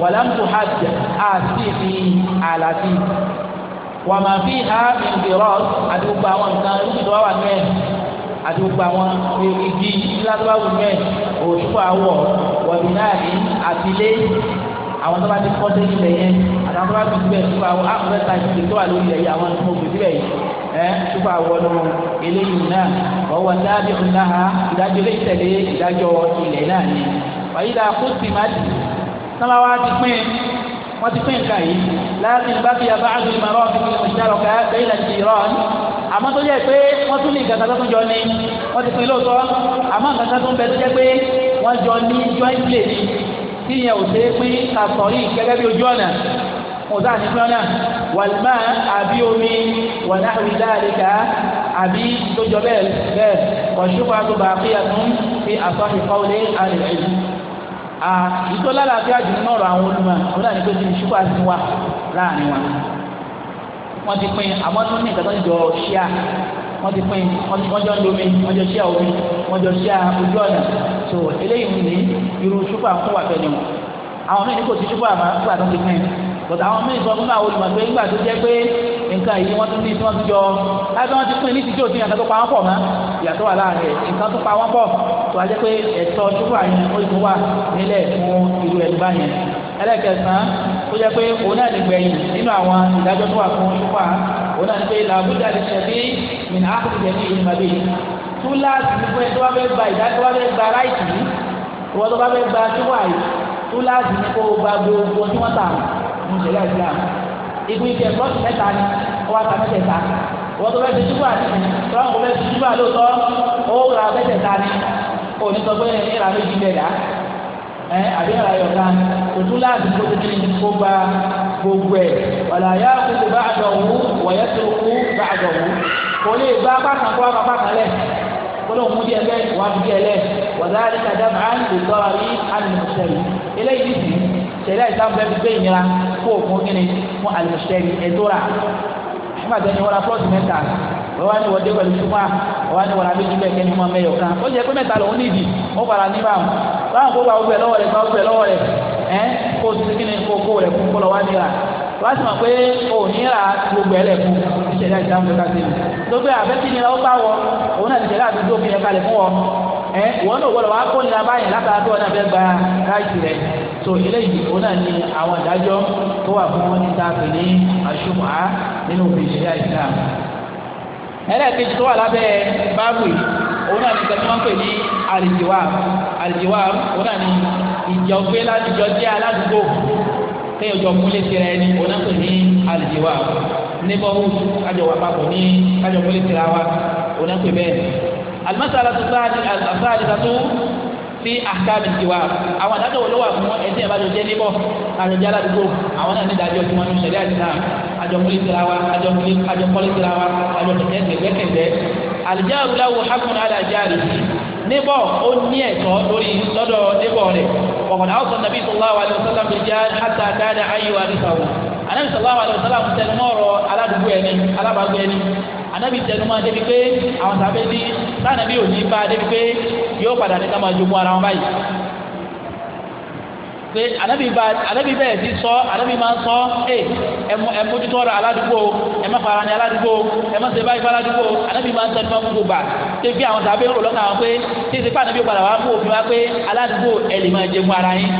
wàlámùtò hajj àti ìpín àlàfíì wà máa fi ha ìgbèrọ àti gbogbo àwọn nǹkan lókìtọ́ wà mẹ́ àti gbogbo àwọn igi ìlàdúbàwù mẹ́ òṣùpọ̀ àwọ̀ wọ̀bìnáàdì àtìlé àwọn tó bá ti kọ́ sí ilẹ̀ yẹn àtàwọn tó bá ti gbẹ̀ ṣùgbọ́n àwọn àpẹẹrẹ ta ìṣẹ̀lẹ̀ tó wà lórí ilẹ̀ yìí àwọn tó mọ̀ síbẹ̀ yìí ẹ ṣùgbọ́n àwọn ọ̀nà eléyìí náà ọwọ́ dábì ńlá ha ìdájọ́ lè tẹ̀lé ìdájọ́ ilẹ̀ náà ni. wàyí la kó sì wọ́n ti pín nǹkan yìí láti bá fi yàrá àdúgbò ìmọ̀ràn fi fi ìṣẹ́ ọ̀kẹ́ bẹ́ẹ̀ ilẹ̀ ti rọ̀ ọ́n àmọ́ tó jẹ́ pé wọ́n tún ní ìgbàgbọ́ tó jọ ní wọ́n ti pín lóòótọ́ àmọ́ nǹkan tó ń bẹ tó jẹ́ pé wọ́n jọ ní joint play ni kí ò ṣe é pín kàtọ́ yìí gẹ́gẹ́ bí ojú ọ̀nà ọ̀dà ní fúnná wàlúmọ́ àbí omi wọ̀nà àwìn àbí tó jọ bẹ́ẹ̀ bẹ́ẹ̀ kọ̀ṣùpá tó bàá fi àtún fi àtọ́ ìfọ́wọ́lé àrẹ̀ ẹ̀dùn Ah, ìtọ́lá làbí àjùmọ̀ náà rọ àwọn olùmọ̀ àwọn náà ní pé kíni ṣúgbà sí wa láàrin wa wọ́n ti pín àwọn tó ní ìtàkùn jọ ṣíà wọ́n ti pín wọ́n jọ lómi wọ́n jọ ṣíà omi wọ́n jọ ṣíà ojú ọ̀nà tó eléyìí ní irú ṣúgbà fún wàfẹ́ ni wọn àwọn mí bọ̀dọ̀ àwọn míì sọ fún àwọn olùmọ̀gbẹ́ nígbà tó jẹ́ pé nǹkan yìí wọ́n tún ní tí wọ́n ti jọ láti wọ́n ti pín ní tìjú òsín àtàkùn pa wọ́n pọ̀ mọ́ ìyàtọ̀ wà láàrin rẹ̀ nǹkan tó pa wọ́n pọ̀ tó wá jẹ́ pé ẹ̀tọ́ ṣúgbà yẹn ó ìfún wà nílẹ̀ fún irú ẹ̀ gbá yẹn ẹlẹ́kẹ̀sán ó jẹ́ pé òun náà lè gbẹ̀yìn nínú àwọn ìdájọ́ tó wà fún ṣúgbà òun náà ní pé làbújá ti ṣẹ̀ bí mìnà ákùnjẹ ní ìlú màbí túláàsì ìṣẹ̀lẹ̀ islam ibi ìṣe ẹ̀kọ́sì mẹ́ta ni ó wá ta mẹ́tẹ̀ẹ̀ta wọ́n tó fẹ́ ṣe ṣubú àti ìṣẹ̀lẹ̀ tó fẹ́ ṣe ṣubú àlóòótọ́ ó ra mẹ́tẹ̀ẹ̀ta ni ó ní sọ pé ìlà méjì bẹ̀ dá ẹ àbí ìlà yọ̀ọ̀ta òtún láti gbogbo kí ni kó gba gbogbo ẹ̀ wàlà yá kókó bá àdọ̀wù wọ̀yẹ́ tó kú bá àdọ̀wù kò lè gbá pàtàkì wá pàtàkì lẹ̀ kọlọ́ọ̀ mú díẹ̀ bẹ́ẹ̀ wá fi díẹ̀ lẹ̀ wàzáàlì kàdá màá ń lè lọ́ọ̀rí àlùmọ̀ṣẹ́rì eléyìí ti sẹ̀lẹ̀ ìsàmùfẹ́ fi gbé ìnira kó fún kíni fún alùpùpù ẹ̀dọ́ra nígbà tó ní wọ́n ra plọ́ọ̀tì mẹ́ta wọ́n ní wọ́n dé pẹ̀lú súpà wọ́n ní wọ́n ra méjì bẹ́ẹ̀ kẹ́ni mọ́ mẹ́yọ̀ kan ó jẹ́ pé mẹ́ta lòún nídìí ó fara níbà báwọn kó gba ọgbẹ lọ́wọ́ rẹ̀ gba ọgbẹ lọ́wọ́ rẹ̀ ẹ́ kó kíni kó kó rẹ̀ kú kó lọ wá níra wọ́n ti mọ̀ pé òní ra gbogbo ẹ̀rẹ̀ fún ìṣẹ̀lẹ̀ ìdáhùn tó ká sí i lóbi àfẹ́sí ni ó bá wọ òun náà ti ṣẹ̀lẹ̀ àdúgbò mi ẹ̀ka lè fún wọn ẹ wọn náà gbọ́dọ̀ wàá kọ́ni abáyìn látara tó wọn náà fẹ́ gba ráìtì rẹ̀ tó eléyìí òun náà ní àwọn ìdájọ́ tó wà fún wọn níta pè ní àṣùmọ̀ á nínú òfin ìṣẹ̀lẹ̀ Islam ẹlẹ́ẹ̀kejì tó wà lábẹ́ báàbù yìí òun náà ní ìtẹ́jú wọn pè ní àlìjíwá àlìjíwá òun náà ní ìjọ gbé ládùjọ jẹ́ aládùúgbò kéèyàn jọ múlé tira ẹni òun náà pè ní àlìjíwá neighborhood kájọ wà alimọ́sálà tó sáàdì sàtú sí àkàmì tiwa àwọn àdájọ́ wo ló wà fún ẹ̀sìn ìbájọ́ jẹ́ níbọ̀ àjọjẹ́ aládùúgbò àwọn náà ní ìdájọ́ tí wọ́n ń ṣẹlẹ̀ àti náà àjọmúlé tira wa àjọmúlé tira wa àjọmúlé kẹ̀kẹ́ alijaru lawo hakun alajari níbọ̀ ó ní ẹ̀tọ́ lórí lọ́dọ̀ níbọ̀ rẹ̀ ọ̀kọ̀dà ọ̀sán nàbí sallallahu alaihi wasallam bíi jẹ́ hàtà dáadáa ayé wa nípa wọn anabi sallallahu alaihi wasallam tẹnumọ́ ọ̀rọ̀ aládùúgbò ẹni alábàágbé ẹni anabi tẹnumọ́ débi pé àwọn sábẹ́ ní sànàbí ò ní bá débi pé yóò padà ní ká máa jogún ara wọn báyìí pé anabi bá anabi bẹ́ẹ̀ ti sọ anabi máa ń sọ ẹ ẹ mójútó ọ̀rọ̀ aládùúgbò ẹ má fara ní aládùúgbò ẹ má ṣe báyìí aládùúgbò anabi máa ń sọ ní wọn gbogbo gbà ṣé bí àwọn sábẹ́ ń rò lọ́kàn àwọn pé ṣé ìsèpá anabi padà wá fún òfin wa pé aládùúgbò ẹ lè máa jẹun ara yín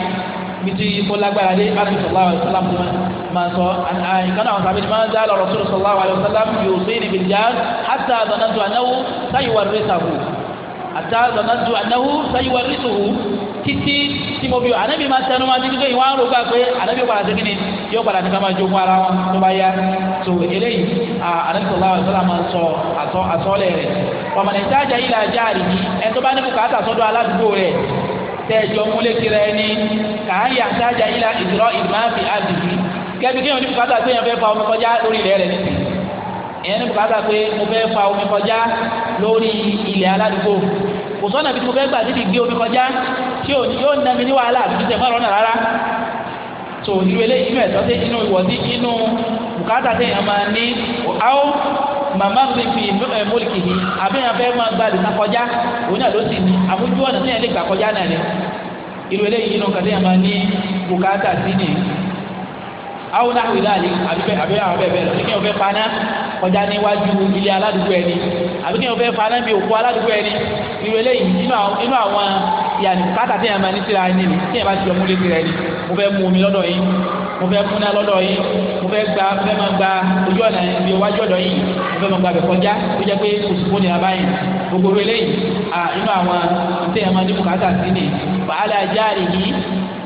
bìtì ìfọlágbára dé àbí sọlá wa sọlá mu máa sọ àyìnká náà sàbí máa ń dá lọrọ sọlá sọlá wa sọlá yóò sí ní bìjà hàtà zanadu anáwó sáyíwá rẹsàwó hàtà zanadu anáwó sáyíwá rẹsàwó títí tí mo bí anabi máa tẹnu máa dídí pé ìwọ àrùn gbà pé anabi padà sí kíni yóò padà nípa máa jogún ara wọn tó bá yá tó eléyìí anabi sọlá wa sọlá máa sọ àtọ àtọlẹ rẹ ọmọ nàìjíríà jẹ ilà jáàrí yìí ẹ tó bá ní kó kàtà sọ́dọ̀ aládùúgbò rẹ tẹ́jọ múlé kiri ẹni kàá sájà ilà ìdúró ìmáàfì àdìsí kẹ́bi kéèyàn ní bùkátà pé èèyàn fẹ́ fa omi kọjá lórí ilẹ̀ rẹ̀ nìkan èèyàn ní bùkátà pé mo fẹ́ fa omi kọjá lórí ilẹ̀ aládùúgbò kò sọ́nà bí mo fẹ́ gbà níbi gbé omi kọjá tí ò yóò ná mi ní wàhálà àbí tẹ̀ mọ́rọ̀ rárá tó ìlú eléyìí mẹ́tọ́ sí inú ìwọ̀sí inú bùkátà tẹ̀yàn máa ní àwọn màmá mi fi mólìkì yìí àbẹ́yẹn fẹ́ máa gba àlùkà kọjá òun náà ló sì ní àmójú ọ̀nà tí yẹn lè gbà kọjá náà ni irú eléyìí inú kan tí yẹn máa ní bùkátà sí ni àwọn náà wí láàyè àbí àwọn bẹ́ẹ̀ bẹ́ẹ̀ lọ kọjá níwájú ilé aládùúgbò ẹni àbí kí wọn fẹ́ fa náà bí òkú aládùúgbò ẹni irú eléyìí nínú àwọn yàní bàtà tí yàrá máa ní síra ẹni tí yàrá ti yọ múlé síra ẹni mo fẹ́ mú omi lọ́dọ̀ yín mo fẹ́ múná lọ́dọ̀ yín mo fẹ́ gba mo fẹ́ máa gba ojú ọ̀nà ibi iwájú ọ̀dọ̀ yìí mo fẹ́ máa gba abẹ kọjá tó jẹ́ pé oṣù fún nira báyìí gbogbo eléyìí inú àwọn tí yàrá máa ní bùkátà sí ni wàhálà jáde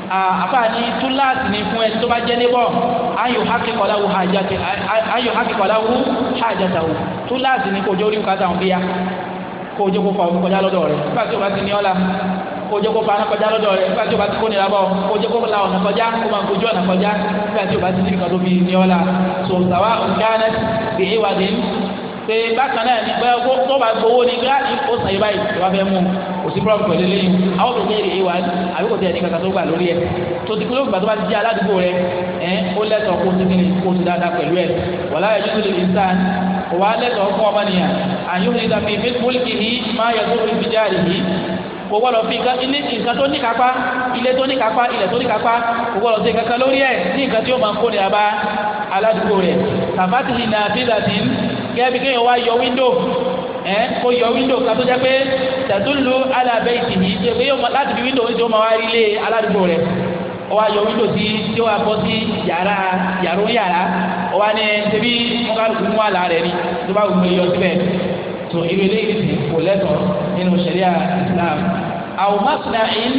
àfààní túláàsì ni fún ẹni tó bá jẹ́ níbọ̀ ayò hákìkọ̀láwù hájàtàwù túláàsì ni kò jẹ́ orí bùkátà òun bíyà kò jẹ́ kó fa òun kọjá lọ́dọ̀ rẹ̀ nígbà tí o bá ti ní ọ́la kò jẹ́ kó fa ọ̀nà kọjá lọ́dọ̀ rẹ̀ nígbà tí o bá ti kó nira bọ̀ kò jẹ́ kó la ọ̀nà kọjá kó máa kojú ọ̀nà kọjá nígbà tí o bá ti ní nǹkan tó fi ní ọ́la so sàwa nǹkanẹ́ bìí wà dé pé bákan náà ní pé tó bá gbowó ní gbá ní ó sàyè báyìí ìwà fẹ́ mú un sí problem pẹ̀lú eléyìí àwọn tó jẹ́ èrè wa àbí kò tẹ̀ ní kankan tó gbà lórí ẹ̀ tó ti kúló gbà tó bá ti jẹ́ aládùúgbò rẹ ẹ̀ ó lẹ́tọ̀ọ́ kó ti kiri kó ti dáadáa pẹ̀lú ẹ̀ wàlá ẹ̀ yóò lè ní sáà kò wá lẹ́tọ̀ọ́ fún ọmọ nìyà àyùn ìdá fi fi múlìkì ní máa yẹ kó fi jáde yìí kò gbọ́dọ̀ fi ilé nǹkan tó ní kápá ilé tó ní kápá ilẹ̀ tó ní kápá kò gbọ́dọ̀ sí kankan lórí ẹ̀ ní nǹkan tí ó máa ń kó ní abá aládùúgbò rẹ̀ tàbátìlì náà fi dàtí gẹ́gẹ́ bí kéèyàn wá yọ wíńdò ẹ kó yọ wíńdò kan tó jẹ́ pé tẹ̀túlù alábẹ́ ìtìmí ṣe pé láti fi wíńdò oúnjẹ ó máa wá rí ilé aládùúgbò rẹ̀ ó wá yọ wíńdò sí tí ó wá bọ́ sí yàrá yàrá ó yàrá ó wá ní ṣebí wọn ká lùkú mú àlá rẹ̀ ni tó bá wù mí yọ síbẹ̀ tó irú eléyìí ti kò lẹ́tọ̀ọ́ nínú ṣẹ̀ríà Islam àwọn masinahin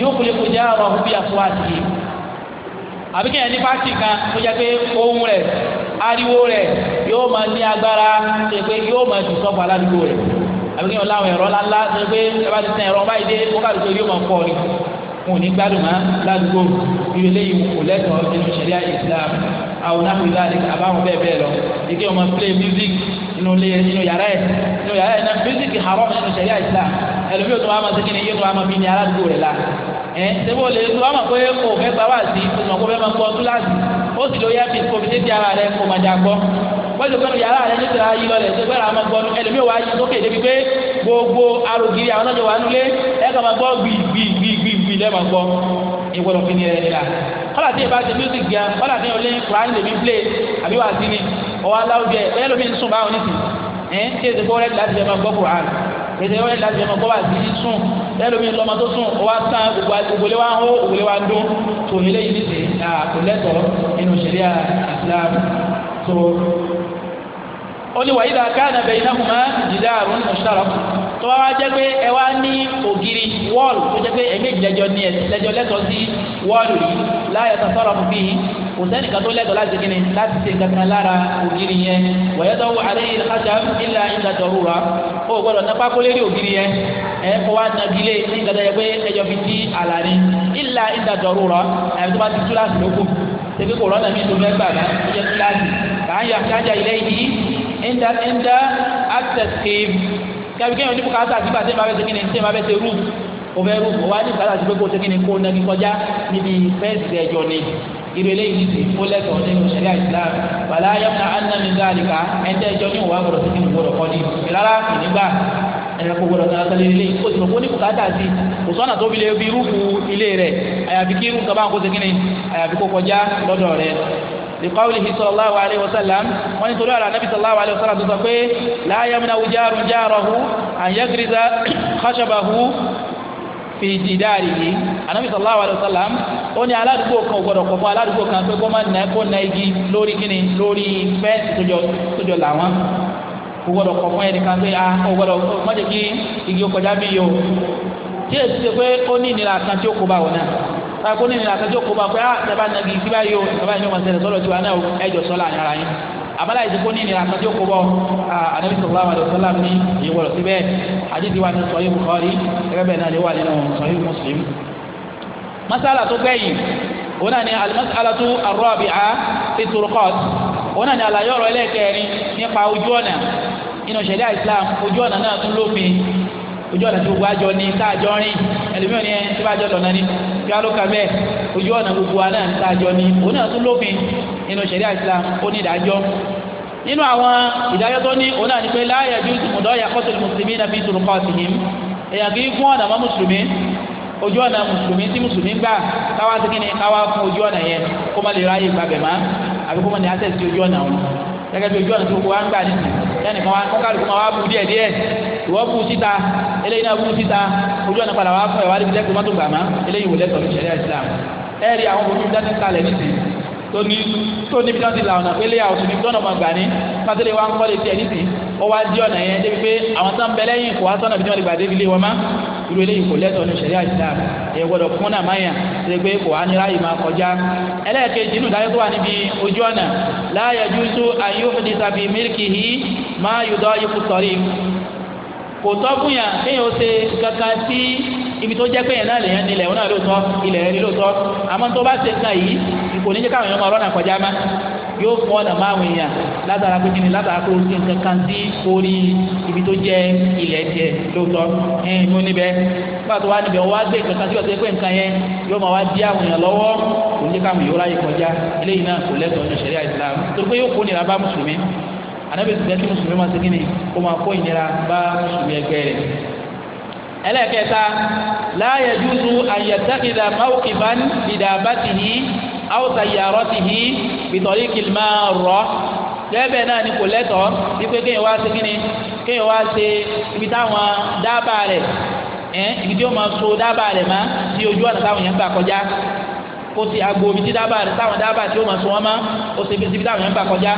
yóò kule kó jẹ́ ọ̀rọ̀ bí àfọwọ́sì àbíkẹ́yẹ ní fásitì kan tó jẹ́ pé ohun rẹ̀ ariwo rẹ̀ yóò máa ní agbára ṣe pé yóò máa ti sọ́kọ̀ aládùúgbò rẹ̀ àbíkí wọn láwọn ẹ̀rọ ńláńlá ṣe pé ẹ bá ti sẹ́ ẹ̀rọ báyìí dé wọ́n kà lóko yóò máa kọ́ ni wọn ò ní gbádùn mọ́ ládùúgbò irú eléyìí kò lẹ́tọ̀ọ́ nínú ṣẹ̀ríà Islam àwọn náà wíwá rẹ àbáwọn bẹ́ẹ̀ bẹ́ẹ̀ lọ ike wọn máa play music inú ilé inú yàrá ẹ inú yàrá ẹ náà music haram nínú ṣẹ̀ríà Islam ẹlòmíì tó wà máa ṣe kíni yóò tó wà máa bí ní aládùúgbò rẹ la ẹ ṣé bó lè tó wà máa pé kò fẹ́ gbà wá sí kò tó máa kó fẹ́ máa gbọ́ kíláàsì ó sì lo earpiece kó fi dé ara rẹ kó máa dà wọ́n ti pẹ́ẹ́nu yàrá rẹ nítorí ayé lọ́lẹ̀ tó gbẹ́rẹ́ àwọn ọmọ ẹlòmíì wá yí sókè débi pé gbogbo arògiri àwọn ọjọ́ wà nulẹ̀ ẹ̀ máa gbọ́ gbìgbìgbìgbì lẹ́ẹ̀ma gbọ́ ìwọ́lọ̀ fi ní rẹ̀ nílà kọ́lá tí ì bá ti music gan kọ́lá tí ì olé kùránì lèmi play àbí wà sí ni ọwọ́ aláwùjẹ bẹ́ẹ̀ lómi ń sùn báwọn nìsín ẹ̀ ń tí èsì gbọ́ rẹ̀ láti fẹ́ máa gbọ́ kùránì èsì gbọ́ rẹ̀ láti ẹlòmí lọ́mọ tó sùn ó wá sàn ògbólé wa ń hó ògbólé wa ń dún tó ilé yìí nìsín kò lẹ́tọ̀ọ́ nínú ṣẹ̀ríà Islam tó ó ní wàyí dàkánà bẹ̀yìn náà kùmá jìdá àrùn ìṣàrọ̀ tó bá wá jẹ́ pé ẹ wá ní ògiri wọ́ọ̀lù tó jẹ́ pé ẹ̀mẹ́jì lẹ́jọ́ ní ẹ̀ lẹ́jọ́ lẹ́tọ̀ọ́ sí wọ́ọ̀lù yìí láyọ̀ tó sọ̀rọ̀ fún bíi kò sẹ́ni kan tó lẹ́tọ̀ọ́ láti kíni láti ṣe kankan lára ògiri yẹn wọ̀nyẹ́ tó wọ àlẹ́ yìí kájà ilà ìlà tọ̀rù wa ó gbọ́dọ̀ nípa kó lérí ògiri yẹn ẹ kó wá nagilé ní ìgbàdá yẹ pé ẹjọ́ fi ti àlàní ilà ìlà tọ̀rù wa àyàfi tó bá ti túláàsì lókun ṣèké kò rọ́nà mi tó fẹ́ gbà náà ó jẹ́ kà á yà kájà ilé yìí ń dá access cave gàbí kéèyàn ní bùkátà sí bàtẹ́ bá fẹ́ ṣe kíni tẹ́ bá fẹ́ ṣe rúù o fẹ́ rúù o wá ní bùkátà sí pé kó ṣe kó nagi kọjá níbi fẹ́ǹsì ẹ̀jọ̀ ni irú eléyìí ti kó lẹ́tọ̀ọ́ nínú sẹ́ríà Islam wàlá yamna anna min zalika ẹ̀ńtẹ́ ẹ̀jọ́ ní òwà gbọ́dọ̀ sí kíni gbọ́dọ̀ kọ́ ni ìlara ìnígbà ẹ̀rọ kó gbọ́dọ̀ náà sálẹ̀ ilé o sì mọ̀ ní bùkátà sí kò sọ́nà tó fi lè fi rúfu ilé rẹ̀ àyàfi kí irú kaba kó kíni àyàfi kó kọjá lọ́dọ̀ rẹ̀ liqawlihi sallallahu alayhi wa sallam wọ́n ní torí ọ̀rọ̀ anabi sallallahu alayhi wa sallam tó sọ pé la yamna'u jarun jarahu an yagriza khashabahu fi jidarihi anabi sallallahu alayhi wa sallam ó ní aládùúgbò kan ò gbọdọ̀ kọ̀ọ̀kan aládùúgbò kan pé kó má nà kó na igi lórí kíni lórí fẹ́ẹ̀sì tó jọ làwọn kò gbọdọ̀ káàkó ní ìlànà àtẹjọ́ kó bá pé á ah, tẹ́bá nàgì sí báyìí o tẹ́bá yín wọn sẹlẹ̀ sọ́dọ̀ tiwa náà o ẹjọ́ sọ́lá àyàrá yín àbálá ìdíkó ní ìlànà àtẹjọ́ kó bọ́ anabi sallallahu alayhi wa sallam ní ìwọlọ̀ síbẹ̀ àdídì wa ní sọ̀yìn Bukhari gẹ́gẹ́ náà lè wà nínú sọ̀yìn Muslim. masala tó gbẹ̀yìn òun náà ni alimasalatu arọ́bìá fi turukọ́t òun náà ni àlàyé ọ̀rọ̀ ẹlẹ́kẹ̀rin nípa ojú ọ̀nà inú ṣẹ̀ríà Islam ojú ọ̀nà náà tún lófin ojú ọ̀nà tí gbogbo àjọ ní tá àjọ rìn ẹlòmíràn ni ẹ tí bá àjọ lọ́nà ni jálóka mẹ́ ojú ọ̀nà gbogbo wa náà ń tàjọ ni òun náà tún lófin nínú ṣẹ̀ríà Islam ó ní ìdájọ́ nínú àwọn ìdájọ́ tó ní òun náà ní pé láàyè ju mùdọ́yà kọ́tù mùsùlùmí náà fi sùrù kọ́ sí yìí èèyàn kì í fún ọ̀nà mọ́ mùsùlùmí ojú ọ̀nà mùsùlùmí tí mùsùlùmí gbà káwá sí kíni káwá fún ojú ọ̀nà yẹn kó má lè ráyè gbàgbẹ́ má àbí kó má ní access sí ojú ọ̀nà wọn gẹ́gẹ́ bí ojú ọ̀nà tó gbogbo wa ń gbà nìyí lẹ́nu kan wá kọ́kàlùkù máa wá bu díẹ̀díẹ̀ ìwọ́ bu síta eléyìí náà burú síta ojú ọ̀nà padà wà fún ẹ̀wá níbi lẹ́kọ̀ọ́ mọ́tò gbàmá eléyìí wò lẹ́tọ̀ọ́ ní sẹ́ríà Islam ẹ̀rí àwọn ojú dáná kalẹ̀ ní sìn tóní tóní bí wọ́n ti là ọ̀nà pélé àwọn tòní tọ́nà ọmọ gbà ní pátélé wa ń kọ́ lè tiẹ̀ ní sìn ó wá di ọ̀nà yẹn débi pé àwọn tó ń bẹ lẹ́yìn kò wá sọ́nà bí wọ́n ti gbà débi lé wọn má irú eléyìí kò lẹ́tọ̀ọ́ ní sẹ́ríà Islam ẹ̀ gbọ́dọ̀ fún náà máyà ṣe pé kò á ní ráyè máa kọjá ẹlẹ́ẹ̀kejì inú ìdájọ́ tó wà níbi ojú ọ̀nà la yajuzu an yuhdisa fi milkihi ma yudaifu tariq kò tọ́ fún yàn kéèyàn ó ṣe kankan sí ibi tó jẹ́ pé yẹn náà lèyàn nílẹ̀ òun náà lóòótọ́ ilẹ̀ rẹ̀ lóòótọ́ àmọ́ tó bá ṣe kan yìí kò ní jẹ́ káwọn èèyàn máa rọ́nà kọjá má yóò fọ́ ọ̀nà márùn èèyàn látara pé kíni látara pé oṣù kankan sí orí ibi tó jẹ́ ilẹ̀ jẹ lóòótọ́ ẹ̀ẹ́n mú níbẹ̀ nígbà tó wá níbẹ̀ wọ́n wá gbé kankan sí ọ̀sẹ̀ pé nǹkan yẹn yóò máa wá dí àwọn èèyàn lọ́wọ́ kò ní káwọn èèyàn Islam torí pé yóò kó nira anabi sọ kí mùsùlùmí máa ṣe kí ni kó máa kó ìnira bá mùsùlùmí ẹgbẹ́ rẹ̀ ẹlẹ́kẹta la yajuzu an yattakhidha mawqifan bidabatihi aw sayyaratihi bitariqil marra lẹ́bẹ̀ẹ́ náà ni kò lẹ́tọ̀ọ́ wípé kéèyàn wá ṣe kí ni kéèyàn wá ṣe ibi táwọn dábàá rẹ̀ ẹ̀ ibi tí ó máa so dábàá rẹ̀ má sí ojú ọ̀nà táwọn yẹn gbà kọjá ó ti aago omi tí dábàá rẹ táwọn dábàá tí ó máa sun wọn mọ́ ó ṣe ibi táwọn yẹn ń gbà kọjá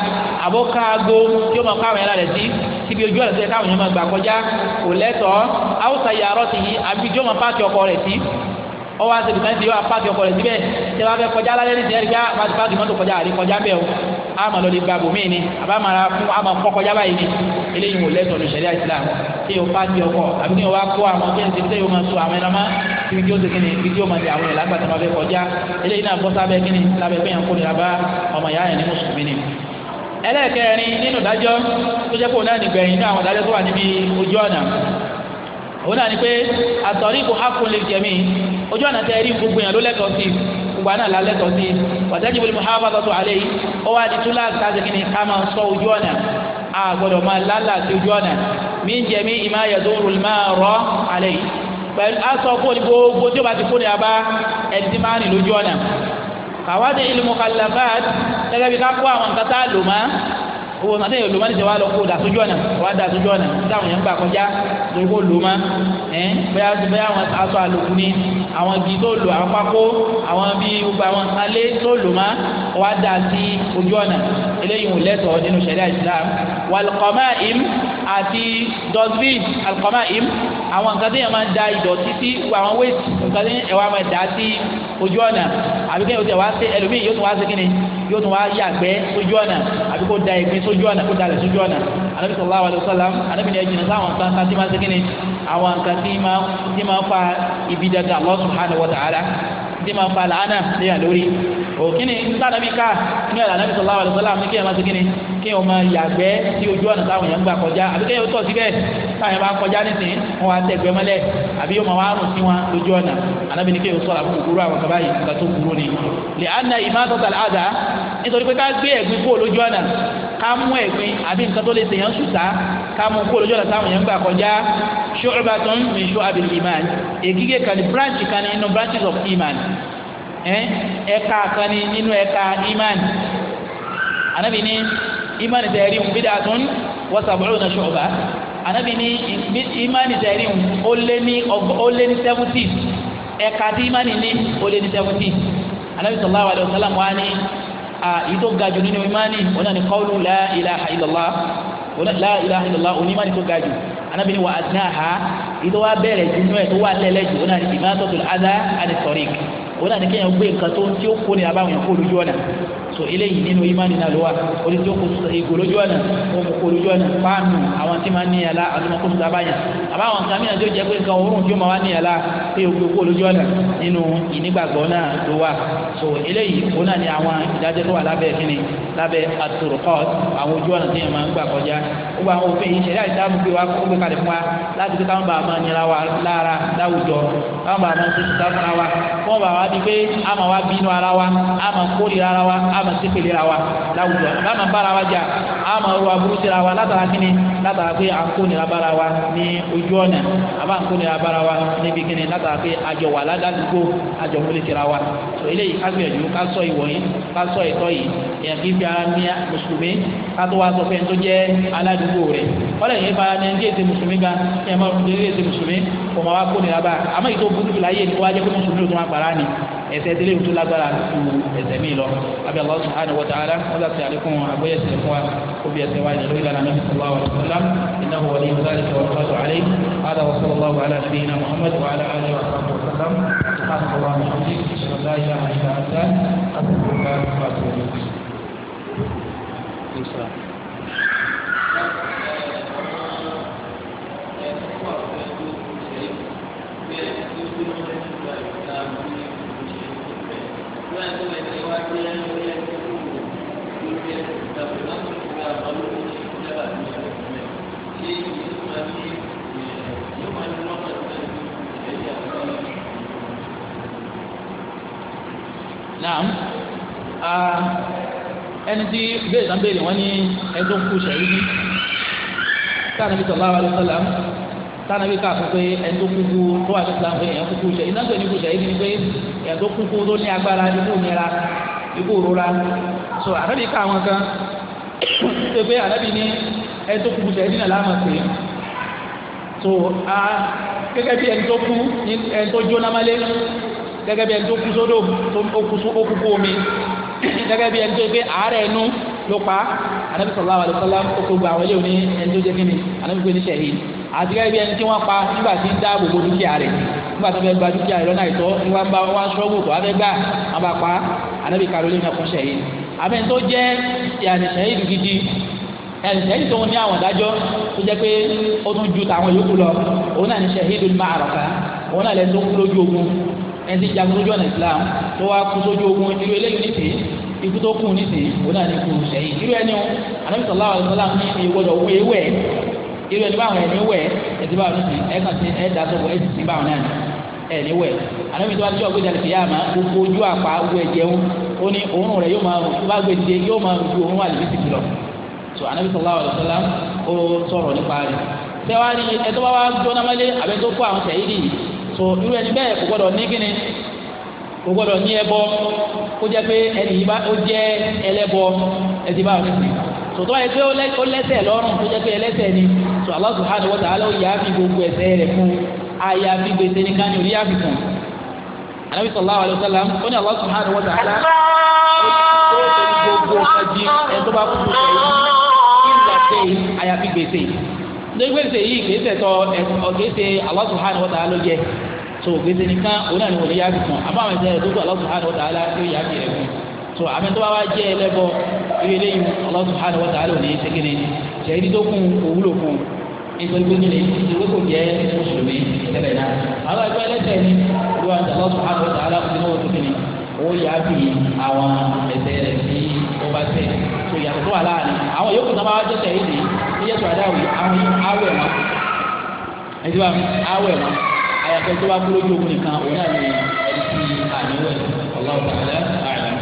àbó ká aago tí ó máa kọ́ àwọn yẹn lára sí síbi ojú ọ̀nà tí káwọn yẹn máa gbà kọjá kò lẹ́tọ̀ọ́ haúsá yàrá ti yí àbí tí ó máa pààkì ọkọ rẹ̀ sí ọwọ́ àti ìdùnnú ti yọ apáàkì ọkọ rẹ̀ síbẹ̀ tí wọ́n fẹ́ kọjá lálẹ́ ní ìdíyẹ́rì a máa lọ lè gba bòmíì ni àbá máa ra fún àmọ́ kọ́kọ́já báyìí ni eléyìí wò lẹ́tọ̀ọ́ ní sẹ̀ríà Islam tí o bá di ọkọ̀ àbí kí o wá kó àwọn kí n ti tẹ́ o máa so àwọn ẹ̀rọ̀mọ́ ibi tí o ti kí ni ibi tí o máa di àwọn ẹ̀rọ àgbàdo máa fẹ́ kọjá eléyìí náà bọ́ sábẹ́ kí ni lábẹ́ pé yàn kó nira bá ọmọ ìyá yẹn ní mùsùlùmí ni. ẹlẹ́ẹ̀kẹrin nínú ìdájọ́ tó jẹ́ pé òun náà nìgbẹ̀yìn nínú àwọn ìdájọ́ tó wà níbi ojú ọ̀nà òun náà ni pé àtọ̀rí kò hákùn lè jẹ̀mí ojú ọ̀nà tẹ́ rí gbogbo yẹn ló lẹ́tọ̀ọ́ gbogbo àná lálẹ́tọ̀ sí wàtẹ́jì wọlé muhammadu alẹ́ yìí ó wá di túlá sáàsìkì ni ká máa sọ ojú ọ̀nà a gbọ́dọ̀ máa lálà sí ojú ọ̀nà mí ń jẹ̀mí ìmá yẹ̀dúrú máa rọ́ alẹ́ yìí pẹ̀lú gbogbo tí ó bá ti kó ní abá ẹni tí máa nì ilmu kàlàfáà gẹ́gẹ́ bí ká kó àwọn nǹkan lò máa owó náà àtẹ̀yìn olùmọ́ níṣẹ́ wàá lọ kó o dàsójú ọ̀nà wàá dàsójú ọ̀nà táwọn yẹn ń gbà kọjá lórí kó lò má ẹ̀ bóyá bóyá àwọn aṣọ àlòkù ni àwọn igi tó lò àwọn pákó àwọn bíi gbogbo àwọn alé tó lò má wàá dà sí ojú ọ̀nà eléyìí wò lẹ́tọ̀ọ́ nínú ṣẹ̀ríà Islam wàlùkọ́má im àti dustbin alùkọ́má im àwọn nǹkan tó yẹn máa ń da ìdọ̀tí sí àwọn wéètì nǹkan tó yẹn wàá máa dà sí ojú ọ̀nà àbíkẹ́yìn ó ti wá sí ẹlòmíì yóò tún wá sí kínni yóò tún wá yàgbẹ́ sójú ọ̀nà àbí kó da ìpín sójú ọ̀nà kó dalẹ̀ sójú ọ̀nà anabi sallallahu alayhi wa sallam anabi ni ẹ̀jìnà sáwọn nǹkan kan tí máa ṣe kíni àwọn nǹkan tí máa tí máa fa ibi dandan Allah subhanahu wa ta'ala tí máa fa làánà léyà lórí òkínni sádàbí ká inú ẹ̀rọ anábì sallallahu alaihi wasallam ní kéèyàn máa ti kíni kéèyàn ọmọ yàgbẹ́ sí ojú ọ̀nà táwọn èèyàn gbà kọjá àbí kéèyàn tọ̀ síbẹ̀ táwọn èèyàn bá kọjá nísìnyí wọn wá tẹ̀gbẹ́ mọ́lẹ̀ àbí yóò máa wá rùn sí wọn lójú ọ̀nà anábì ní kéèyàn sọ̀rọ̀ àbúkù kúrú àwọn kaba yìí nǹkan tó kúrú ni. lè anna ìmọ̀tọ́tà àdá nítorí pé ká gbé ẹ̀gbin kó lójú ọ̀nà ká mú ẹ̀gbin àbí nǹkan tó lè ṣèyàn sùtá ká mú kó lójú ọ̀nà táwọn èèyàn gbà kọjá ṣọ́ọ̀bà tó ń mìíràn ṣọ́ọ̀bà ìmàn ègígé kan ní branch kan nínú branches of iman Eh? ẹ̀ka kan ní nínú ẹ̀ka iman anabi ní iman tẹ̀rí ń bídà tún wa sab'una shu'ba anabi ní iman tẹ̀rí ń ó lé ní seventy ẹ̀ka tí iman ní ó lé ní seventy anabi sallallahu alayhi wa sallam wa ni èyí tó ga imani wọn náà ni la ilaha illallah la ilaha illallah onímọ̀ ni tó ga anabi ni wa adnaha èyí tó wá bẹ̀rẹ̀ jù nínú ẹ̀ tó wá lẹ́lẹ́ wọn náà ni ìmọ̀ tó tó adá òun náà ní kéèyàn gbé nǹkan tó tí ó kó ní abáwọn èèyàn kó lójú ọ̀nà so eléyìí nínú ìmánì náà ló wà orí tí ó kó ìgò lójú ọ̀nà òun kó lójú ọ̀nà páànù àwọn tí máa ń níyàn lá àti mọ́kó tuntun abáyàn àbáwọn nǹkan mìíràn tó jẹ́ pé nǹkan òórùn tí ó máa wá níyàn lá pé òkú kó lójú ọ̀nà nínú ìnígbàgbọ́ náà ló wà so eléyìí òun náà ní àwọn ìdájọ́ tó wà lábẹ́ kíni lábẹ́ àtòròkọ́t àwọn ojú ọ̀nà tí yẹn máa ń gbà kọjá gbogbo àwọn òfin yìí ṣẹlẹ̀ àti dáàbò gbé wa ó gbé kalẹ̀ fún wa láti wa kọ́ bàbá wa di pé a máa wá bínú ara wa a máa kórìíra ara wa a máa sépèlè ara wa láwùjọ a máa bára wa jà a máa ro aburú síra wa látara kíni látara pé à bára wa ní ojú ọ̀nà a máa bára wa níbi kíni látara pé àjọ wà ládàlúgbò àjọ múlẹ̀ síra wa so eléyìí ká gbìyànjú ká sọ ìwọ̀ ká sọ ìtọ́ yìí èèyàn kì í fi ara ní mùsùlùmí kátó wá sọ pé ẹni tó jẹ́ aládùúgbò rẹ̀ ọ̀lẹ́ yìí fara ní ẹni tí mùsùlùmí gan ẹni máa fi ẹni tí mùsùlùmí kò máa wá kó nira bá àmọ́ ìtò burúkú láyé ni kó wá jẹ́ pé mùsùlùmí tó máa pàrà ni ẹ̀ṣẹ̀ délé tó lágbára ju ẹ̀ṣẹ̀ mi lọ àbí Allah subhanahu wa ta'ala wọn láti àlékún àgbẹ̀yẹ sí fún wa kó bí ẹ̀ṣẹ̀ wa ní lórí lánàá nabi sallallahu alaihi wa sallam innahu waliyyu dhalika wal qadiru alayhi hada wa sallallahu ala nabiyyina muhammad wa ala alihi wa sahbihi wa sallam subhanahu wa ta'ala alhamdulillahi la ilaha illa anta astaghfiruka wa atubu sọ. Naam. Uh, ẹni tí bẹ́ẹ̀ sàn bẹ́ẹ̀ lè wọ́n ní ẹni tó ń kú sẹ́yìn ní káàní bí sọ̀lá wàlú sọ̀lá káàní bí káàkó pé ẹni tó kúkú tó wà ní sàn pé ẹni kúkú sẹ́yìn náà tó ní kú sẹ́yìn ní pé ẹni tó kúkú tó ní agbára ikú nira ikú rora so àtàbí ká àwọn kan tó pé àtàbí ní ẹni tó kúkú sẹ́yìn náà láàmú sí so a gẹ́gẹ́ bí ẹni tó kú ẹni tó jóná mọ́lé gẹ́gẹ́ bí ẹni tó kú sódò tó kú omi gẹ́gẹ́ bí ẹni tó gbé àárẹ̀ inú ló pa anabi sallallahu alaihi wasallam ó kó gba àwọn ilé òní ẹni tó jẹ́ kíni anabi gbé ní sẹ́yìn àti gẹ́gẹ́ bí ẹni tí wọ́n pa nígbà tí ń dáàbò bo dúkìá rẹ̀ nígbà tó fẹ́ gba dúkìá rẹ̀ lọ́nà àìtọ́ ni wọ́n bá wọn sọ́gbù tó wọ́n fẹ́ gbà wọ́n bá pa anabi karo lé nǹkan sẹ́yìn àmì tó jẹ́ yàrá sẹ́yìn gidi ẹni sẹ́yìn tó ń ní àwọn ìdájọ́ tó jẹ́ pé ó tún ju tàwọn yòókù lọ òun náà ní shahidul ma'araka òun náà lẹ́nu tó kú lójú ogun ẹni tí jagun lójú ọ̀nà Islam tó wá kú sójú ikú tó kù nísìnyí òun náà ní ikú sẹ́yìn irú ẹni o Ànábì sallallahu alaihi wasallam ní ìwé gbọ́dọ̀ wé wẹ̀ irú ẹni báwọn ẹni wẹ̀ ẹtì báwọn nísìnyí ẹ kàn sí ẹ dà sọ́kọ̀ ẹ sì sí báwọn náà ẹni wẹ̀ Ànábì tó wá tíjọ́ gbéjà lẹ́fẹ̀ẹ́ yàrá máa gbogbo ojú àpá wọ ẹ̀jẹ̀ ń ó ní òórùn rẹ̀ yóò máa rùn tó bá gbé dìde yóò máa rùn ju òórùn wà lè fi lọ so Ànábì sallallahu alaihi wasallam ó sọ̀rọ̀ nípa rẹ̀ tẹ́wáá ní ẹtọ́ bá wá jóná mẹ́lẹ́ àbẹ́tó kó àwọn sẹ́yìn so irú ẹni bẹ́ẹ̀ kò gbọ́dọ̀ ní kíni kò gbọdọ̀ ní ẹbọ kó jẹ́ pé ẹni yìí bá ó jẹ́ ẹlẹ́bọ ẹtì bá wọn sòtọ́ yẹ pé ó lẹ́ṣẹ̀ lọ́rùn tó jẹ́ pé ẹlẹ́ṣẹ̀ ni sọ Allah subhanahu wa ta'ala ó á fi gbogbo ẹ̀ṣẹ̀ rẹ̀ fún ayé àfi gbèsè nìkan ní orí àfi kan anabi sallallahu alayhi wa ó ní Allah subhanahu wa ta'ala gbogbo ọ̀sẹ̀jì ẹ̀ bá kú ẹ̀yìn kí n gbà pé ayé àfi gbèsè nítorí pé ṣèyí gbèsè tọ so gbèsè nìkan òun ni wọ́n lè yá bìkan àbáwọn ẹ̀sẹ̀ tó gbọ́ lọ́sùn hàn wọ́tà yóò yá bì fún so àmì tó bá wá jẹ́ ẹlẹ́bọ irú eléyìí ọlọ́sùn hàn wọ́tà alá òní ṣẹ́gẹ́ni ṣẹ́yìn tó kún òwúlò fún nítorí pé nílé ìwé kò jẹ́ mùsùlùmí tẹ́lẹ̀ náà àwọn ni òní tó ó àwọn sí ọba àyàfẹ́ tó bá kú lójú ogun nìkan òun náà ní ẹni tí àníwẹ̀ Allahu ta'ala a'lam.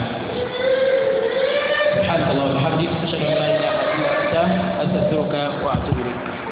سبحانك اللهم وبحمدك أشهد أن لا إله إلا أنت أستغفرك وأتوب إليك